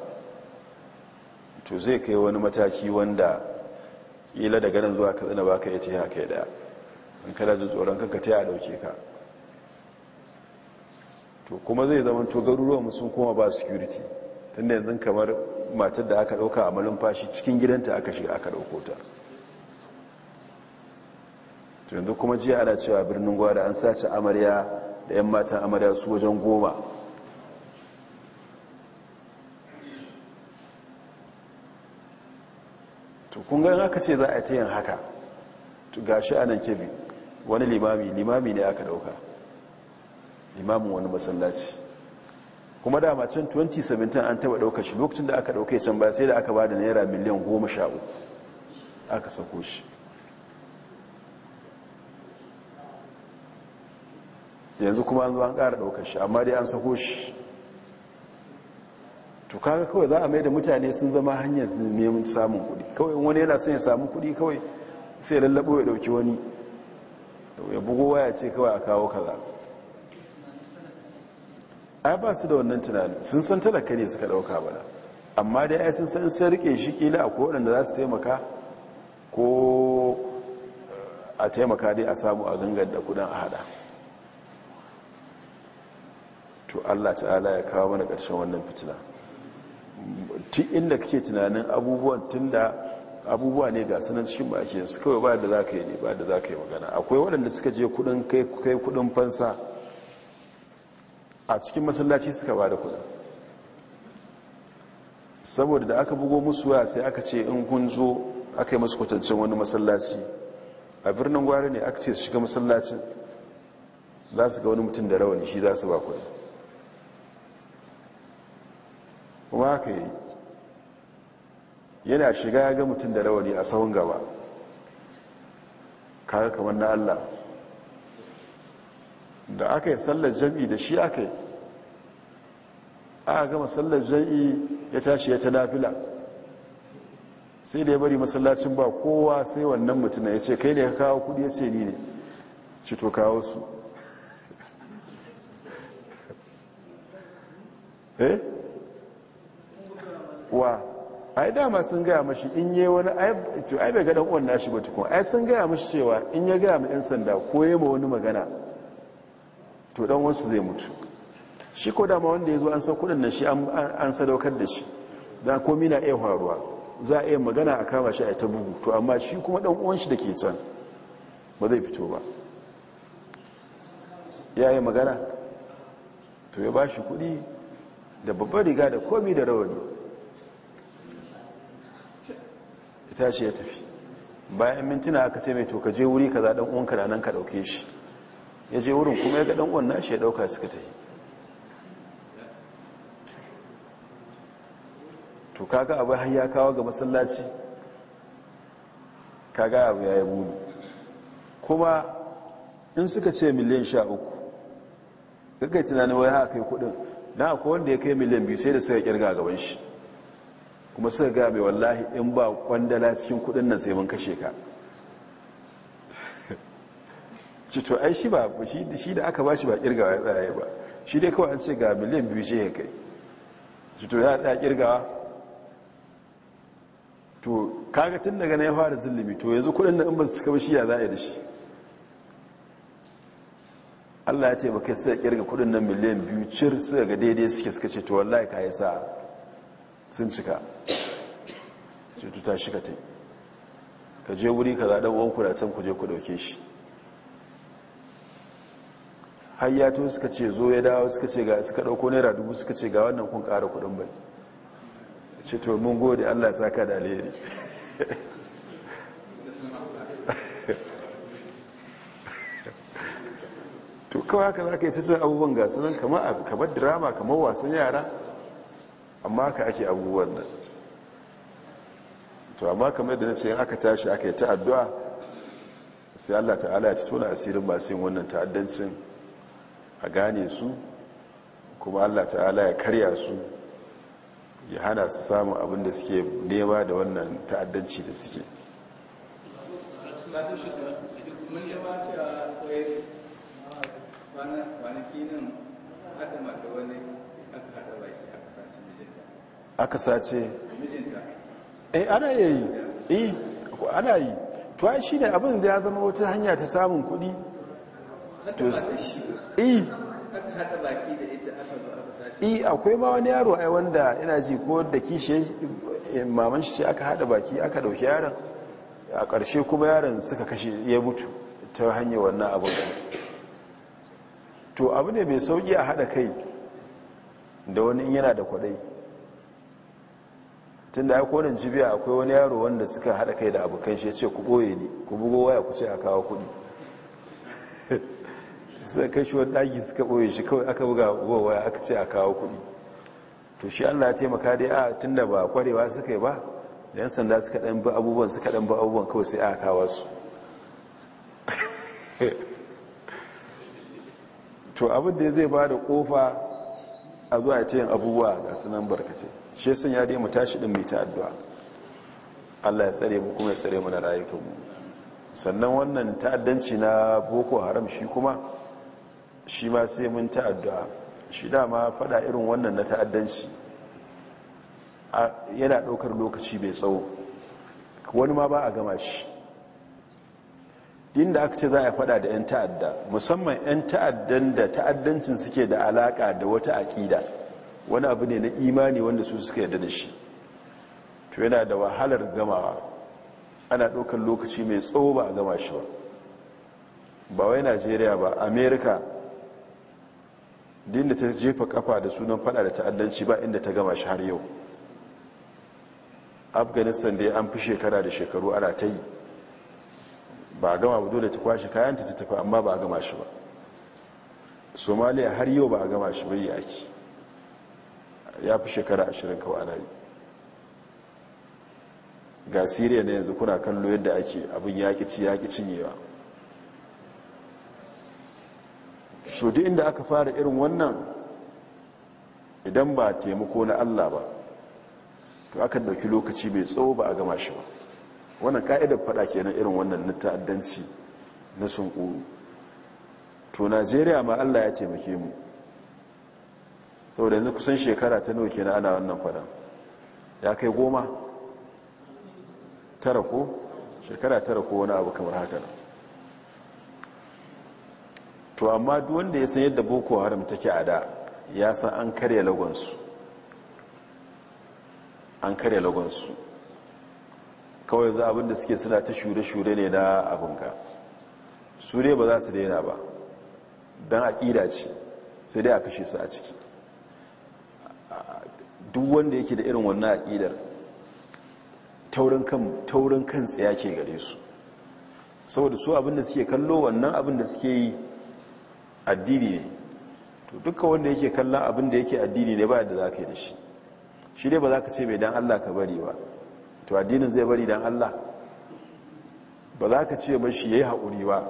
to zai kai wani mataki wanda ila daga nan zuwa katsina ba ka yi ta haka yi daya in kada jin tsoron kanka ta yi a ɗauke ka to kuma zai zama to mu sun koma ba security tunda yanzu kamar matar da aka ɗauka a malumfashi cikin gidanta aka shiga aka ɗauko ta to yanzu kuma jiya ana cewa birnin gwada an sace amarya da 'yan matan amarya su wajen goma to ga aka ce za a ta yin haka to gashi anan kebe wani limami limami ne aka dauka limamin wani masallaci kuma dama can 2017 an taba dauka shi lokacin da aka ya can ba sai da aka ba da naira miliyan goma sha'u aka sako shi yanzu kuma an zo an ƙara ɗaukar shi amma dai an sako shi to kaga kawai za a mai da mutane sun zama hanyar neman samun kuɗi kawai wani yana son ya samu kuɗi kawai sai lallabo ya ɗauki wani ya bugo waya ce kawai a kawo kaza ai ba su da wannan tunanin sun san talaka ne suka ɗauka bana amma dai ai sun san sai rike shi kila a wadanda za su taimaka ko eh, a taimaka dai a samu a gangar da kuɗin a haɗa to allah ta'ala ya kawo mana ƙarshen wannan fitila inda kake tunanin abubuwan tun abubuwa ne ga sanar cikin baki su kawai ba da za ka yi ne ba da za ka yi magana akwai waɗanda suka je kudin kai kudin fansa a cikin masallaci suka ba da kudin saboda da aka bugo musu waya sai aka ce in kun zo aka yi masu kwatancin wani masallaci a birnin gwari ne aka ce su shiga masallacin za su ga wani mutum da rawani shi za su ba kudin kuma haka yi yana shiga ya ga mutum da rawani a tsawon gaba kaga kamar na allah da aka yi sallar jam'i da shi aka yi aka gama sallar jam'i ya tashi ya ta nafila sai da ya bari masallacin ba kowa sai wannan mutum ya ce kai ne ka kawo kudi ya ce ni ne ci to kawo su eh wa ai dama sun gaya mashi in yi wani ai bai gaɗan uwan nashi ba tukun ai sun gaya mashi cewa in ya gaya ma 'yan sanda ko ya ma wani magana to dan wasu zai mutu shi ko dama wanda ya zo an san kudin na shi an sadaukar da shi za komi na iya faruwa za a iya magana a kama shi a ta bugu to amma shi kuma dan uwan shi da ke can ba zai fito ba ya yi magana to ya ba shi kudi da babbar riga da komi da rawani ce ya tafi bayan mintuna aka ce mai to ka je wuri ka kaza dan uwanka na nan ka ɗauke shi ya je wurin kuma ya ga dan uwan nashi ya ɗauka suka tafi to kaga abu har ya kawo ga masallaci kaga abu ya yi muni kuma in suka ce miliyan sha uku kakai tunanin wai haka yi kudin na akwai wanda ya kai miliyan biyu sai da suka kirga gaban shi kuma suka gabe wallahi in ba kwandala cikin kudin nan sai mun kashe ka cito ai shi ba shi da aka ba shi ba kirgawa ya tsaye ba shi dai kawai an ce ga miliyan biyu ce ya kai cito ya tsaye kirgawa to kaga tun daga na ya fara zulumi to yanzu kudin nan in ba su kama shi ya za a yi da shi allah ya taimaka sai kirga kudin nan miliyan biyu cir suka ga daidai suke suka ce to wallahi ka yi sa'a sun cika sai tuta shi ka tai ka je wuri ka zaɗa uwan kudatan ku je ku ɗauke shi hayyato suka ce zo ya dawo suka ce ga suka ɗauko naira dubu suka ce ga wannan kun ƙara kuɗin bai ce to mun gode allah sa ka da alheri to kawai haka za ka yi ta cin abubuwan gasunan nan kamar drama kamar wasan yara amma ka ake abubuwan nan to amma kamar da na ce aka tashi aka yi ta addu'a sai allah ta'ala ya ci tona asirin masu yin wannan ta'addancin a gane su kuma allah ta'ala ya karya su ya hana su samun abin da suke nema da wannan ta'addanci da suke aka sace eh ana yayi eh ana yi to ai shine abin da ya zama wata hanya ta samun kuɗi to eh hada baki da ita i eh. eh, akwai ma wani yaro ai wanda ina ji ko da kishi eh, maman shi aka hada baki aka dauki yaron a ƙarshe kuma yaron suka kashe ya mutu ta hanyar wannan abu to abu ne mai sauki a hada kai da wani yana da kwadai tun da ya kodin jibiya akwai wani yaro wanda suka haɗa kai da abokan shi ya ce ku ɓoye ni ku bugo waya ku ce a kawo kuɗi suka kai shi wani ɗaki suka ɓoye shi kawai aka buga waya aka ce a kawo kuɗi to shi allah taimaka dai a tun da ba kwarewa suka yi ba da yan sanda suka ɗan bi abubuwan suka ɗan bi abubuwan kawai sai a kawo su to abin da zai ba da ƙofa a zuwa ta yin abubuwa ga sunan barkace shi sun ya dai mu tashi din mai ta addu'a Allah ya tsare mu kuma ya tsare mu na rayukanmu sannan wannan ta'addanci na boko haram shi kuma shi ma sai mun ta addu'a shi dama fada irin wannan na ta'addanci yana ɗaukar lokaci mai tsawo wani ma ba a gama shi inda aka ce za a fada da 'yan ta'adda musamman 'yan ta'addan da ta'addancin suke da alaƙa da wata aƙida wani abu ne na imani wanda su suka yarda da shi to yana da wahalar gamawa ana ɗaukar lokaci mai tsawo ba a gama shi ba ba wai najeriya ba amerika dinda ta jefa kafa da sunan fada da ta'addanci ba inda ta gama shi har yau afghanistan dai an fi shekara da shekaru ana ta yi ba a gama ba dole ta kwashe kayanta ta tafi amma ba a gama shi ba somaliya har yau ba a gama shi bai yi ake ya fi shekara ashirin kawai ana yi ga siriya na yanzu kuna kallo yadda ake abin yaƙici yaƙi cinyewa shudu inda aka fara irin wannan idan ba taimako na allah ba to akan ɗauki lokaci mai tsawo ba a gama shi ba wannan ka'idar faɗa kenan irin wannan na ta'addanci na sunkuru to najeriya ma allah ya taimake mu saboda yanzu kusan shekara ta nauke na ana wannan fadan ya kai goma tara ko shekara tara ko wani abu kamar haka na. to amma wanda ya san yadda boko haram take a da ya san an karya lagonsu an karya lagonsu kawai za abinda suke suna ta shure-shure ne na abinka su ne ba za su daina ba don a aƙida ce sai dai a kashe su a ciki duk wanda yake da irin wannan aƙidar taurin kan tsaya ke gare su saboda su abinda suke kallo wannan abinda suke yi addini ne to duka wanda yake kallon abinda yake addini ne ba da za ka yi da shi shi dai ba za ka ce mai dan allah ka bari ba to addinin zai bari dan allah ba za ka ce mashi ya yi haƙuri ba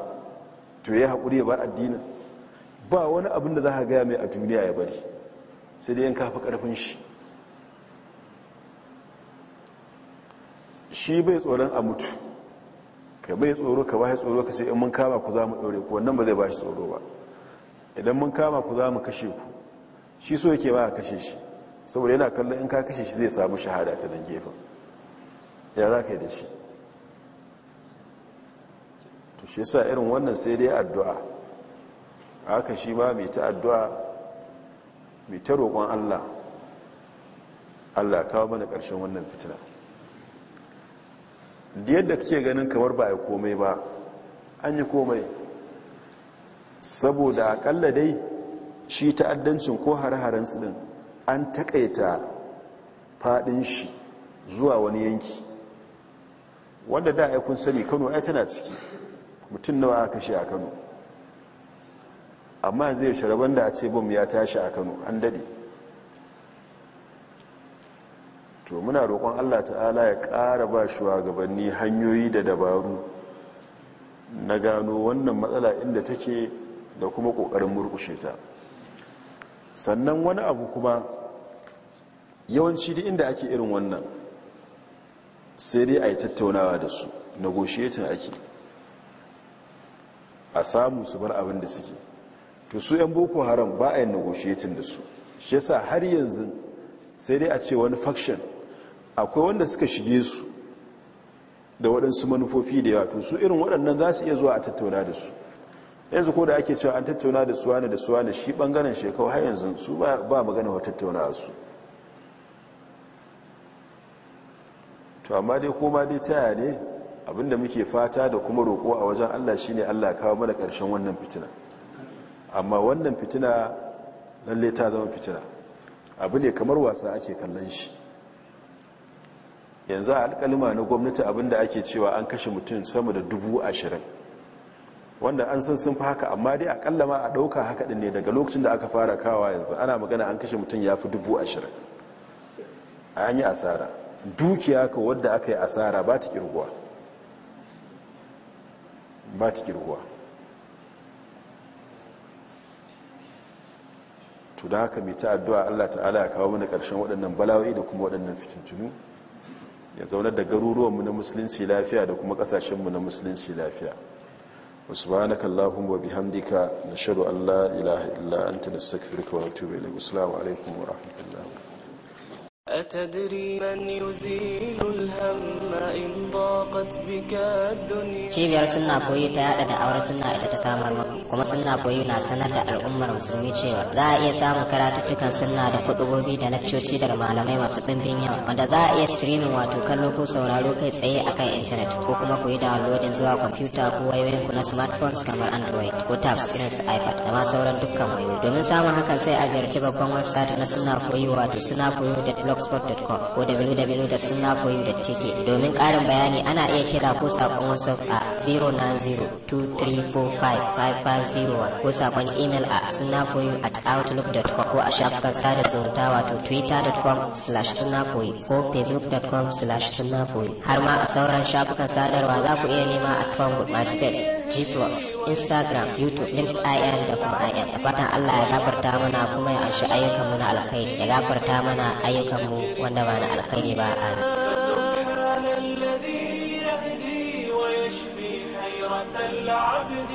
to ya yi haƙuri ba addinin ba wani abinda za ka gaya mai a duniya ya bari sai dai yin kafa ƙarfin shi shi bai tsoron a mutu ka bai tsoro ka ba shi tsoro ka ce in mun kama ku za mu ɗaure ku wannan ba zai ba shi tsoro ba idan mun kama ku za mu kashe ku shi so yake ba a kashe shi saboda yana kallon in ka kashe shi zai samu shahada ta nan gefen ya za ka yi da shi to shi sa irin wannan sai dai addu'a haka shi ba mai ta addu'a mai ta roƙon allah allah kawo mana ƙarshen wannan fitina da yadda kake ganin kamar ba ya komai ba an yi komai saboda akalla dai shi ta'addancin ko har-haren su din an takaita faɗin shi zuwa wani yanki wanda da ya kun sani kano ai tana ciki mutum nawa aka shi a kano amma zai sharaban da a ce bom ya tashi a kano an dade to muna roƙon allah ta'ala ya ƙara ba shugabanni hanyoyi da dabaru na gano wannan matsala inda take da kuma ƙoƙarin murkushe ta sannan wani abu kuma yawanci da inda ake irin wannan sai dai a yi tattaunawa da su negotiating ake a samu su bar abin da suke to su 'yan boko haram ba a yin negotiating da su shi yasa har yanzu sai dai a ce wani faction akwai wanda suka shige su da waɗansu manufofi da yawa to su irin waɗannan za su iya zuwa a tattauna da su yanzu ko da ake cewa an tattauna da su wani da su wani shi ɓangaren shekau har yanzu su ba magana wa tattauna su to amma dai koma dai taya ne abinda muke fata da kuma roƙo a wajen allah shi ne allah kawo mana ƙarshen wannan fitina amma wannan fitina lallai ta zama fitina abu ne kamar wasa ake kallon shi yanzu a alkalima na gwamnati abinda ake cewa an kashe mutum sama da dubu ashirin wanda an san sun fi haka amma dai akalla ma a ɗauka haka ɗin ne daga lokacin da aka fara kawa yanzu ana magana an kashe mutum ya fi dubu ashirin an yi asara dukiya ka wadda aka yi asara ba ta kirguwa ba ta kirguwa to da haka mai ta addu'a allah ta'ala ya kawo mana ƙarshen waɗannan bala'o'i da kuma waɗannan fitintunu ya zaunar da garuruwanmu na musulunci lafiya da kuma kasashenmu na musulunci lafiya subhanaka allahumma wa bihamdika nashhadu an la ilaha illa anta nastaghfiruka wa natubu ilayk assalamu alaikum wa rahmatullahi Cibiyar suna Koyi ta yada da auren suna ita ta samar kuma suna Koyi na sanar da al'ummar musulmi cewa za a iya samun karatuttukan suna da kutubobi da lakcoci daga malamai masu tsimbin yawa wanda za a iya streaming wato kallo ko sauraro kai tsaye a kan intanet ko kuma ku yi downloading zuwa kwamfuta ko wayoyin ku na smartphones kamar Android ko tabs irin su iPad da ma sauran dukkan wayoyi. Domin samun hakan sai a ziyarci babban website na suna Koyi wato da blogspot.com ko www.sunnafoyu.tk domin ƙarin bayani ana iya kira ko saƙon WhatsApp a 09023455501 ko saƙon email a sunnafoyu at outlook.com ko a shafukan sada zumunta wato twitter.com slash sunnafoyu ko facebook.com slash sunnafoyu har ma a sauran shafukan sadarwa za ku iya nema a Trumpet, MySpace, Gplus, Instagram, YouTube, LinkedIn da kuma IM. Da fatan Allah ya gafarta mana kuma ya anshi ayyukanmu na alkhairi ya gafarta mana ayyukanmu عنه على خير ما سبحان الذي يهدي ويشفي حيرة العبد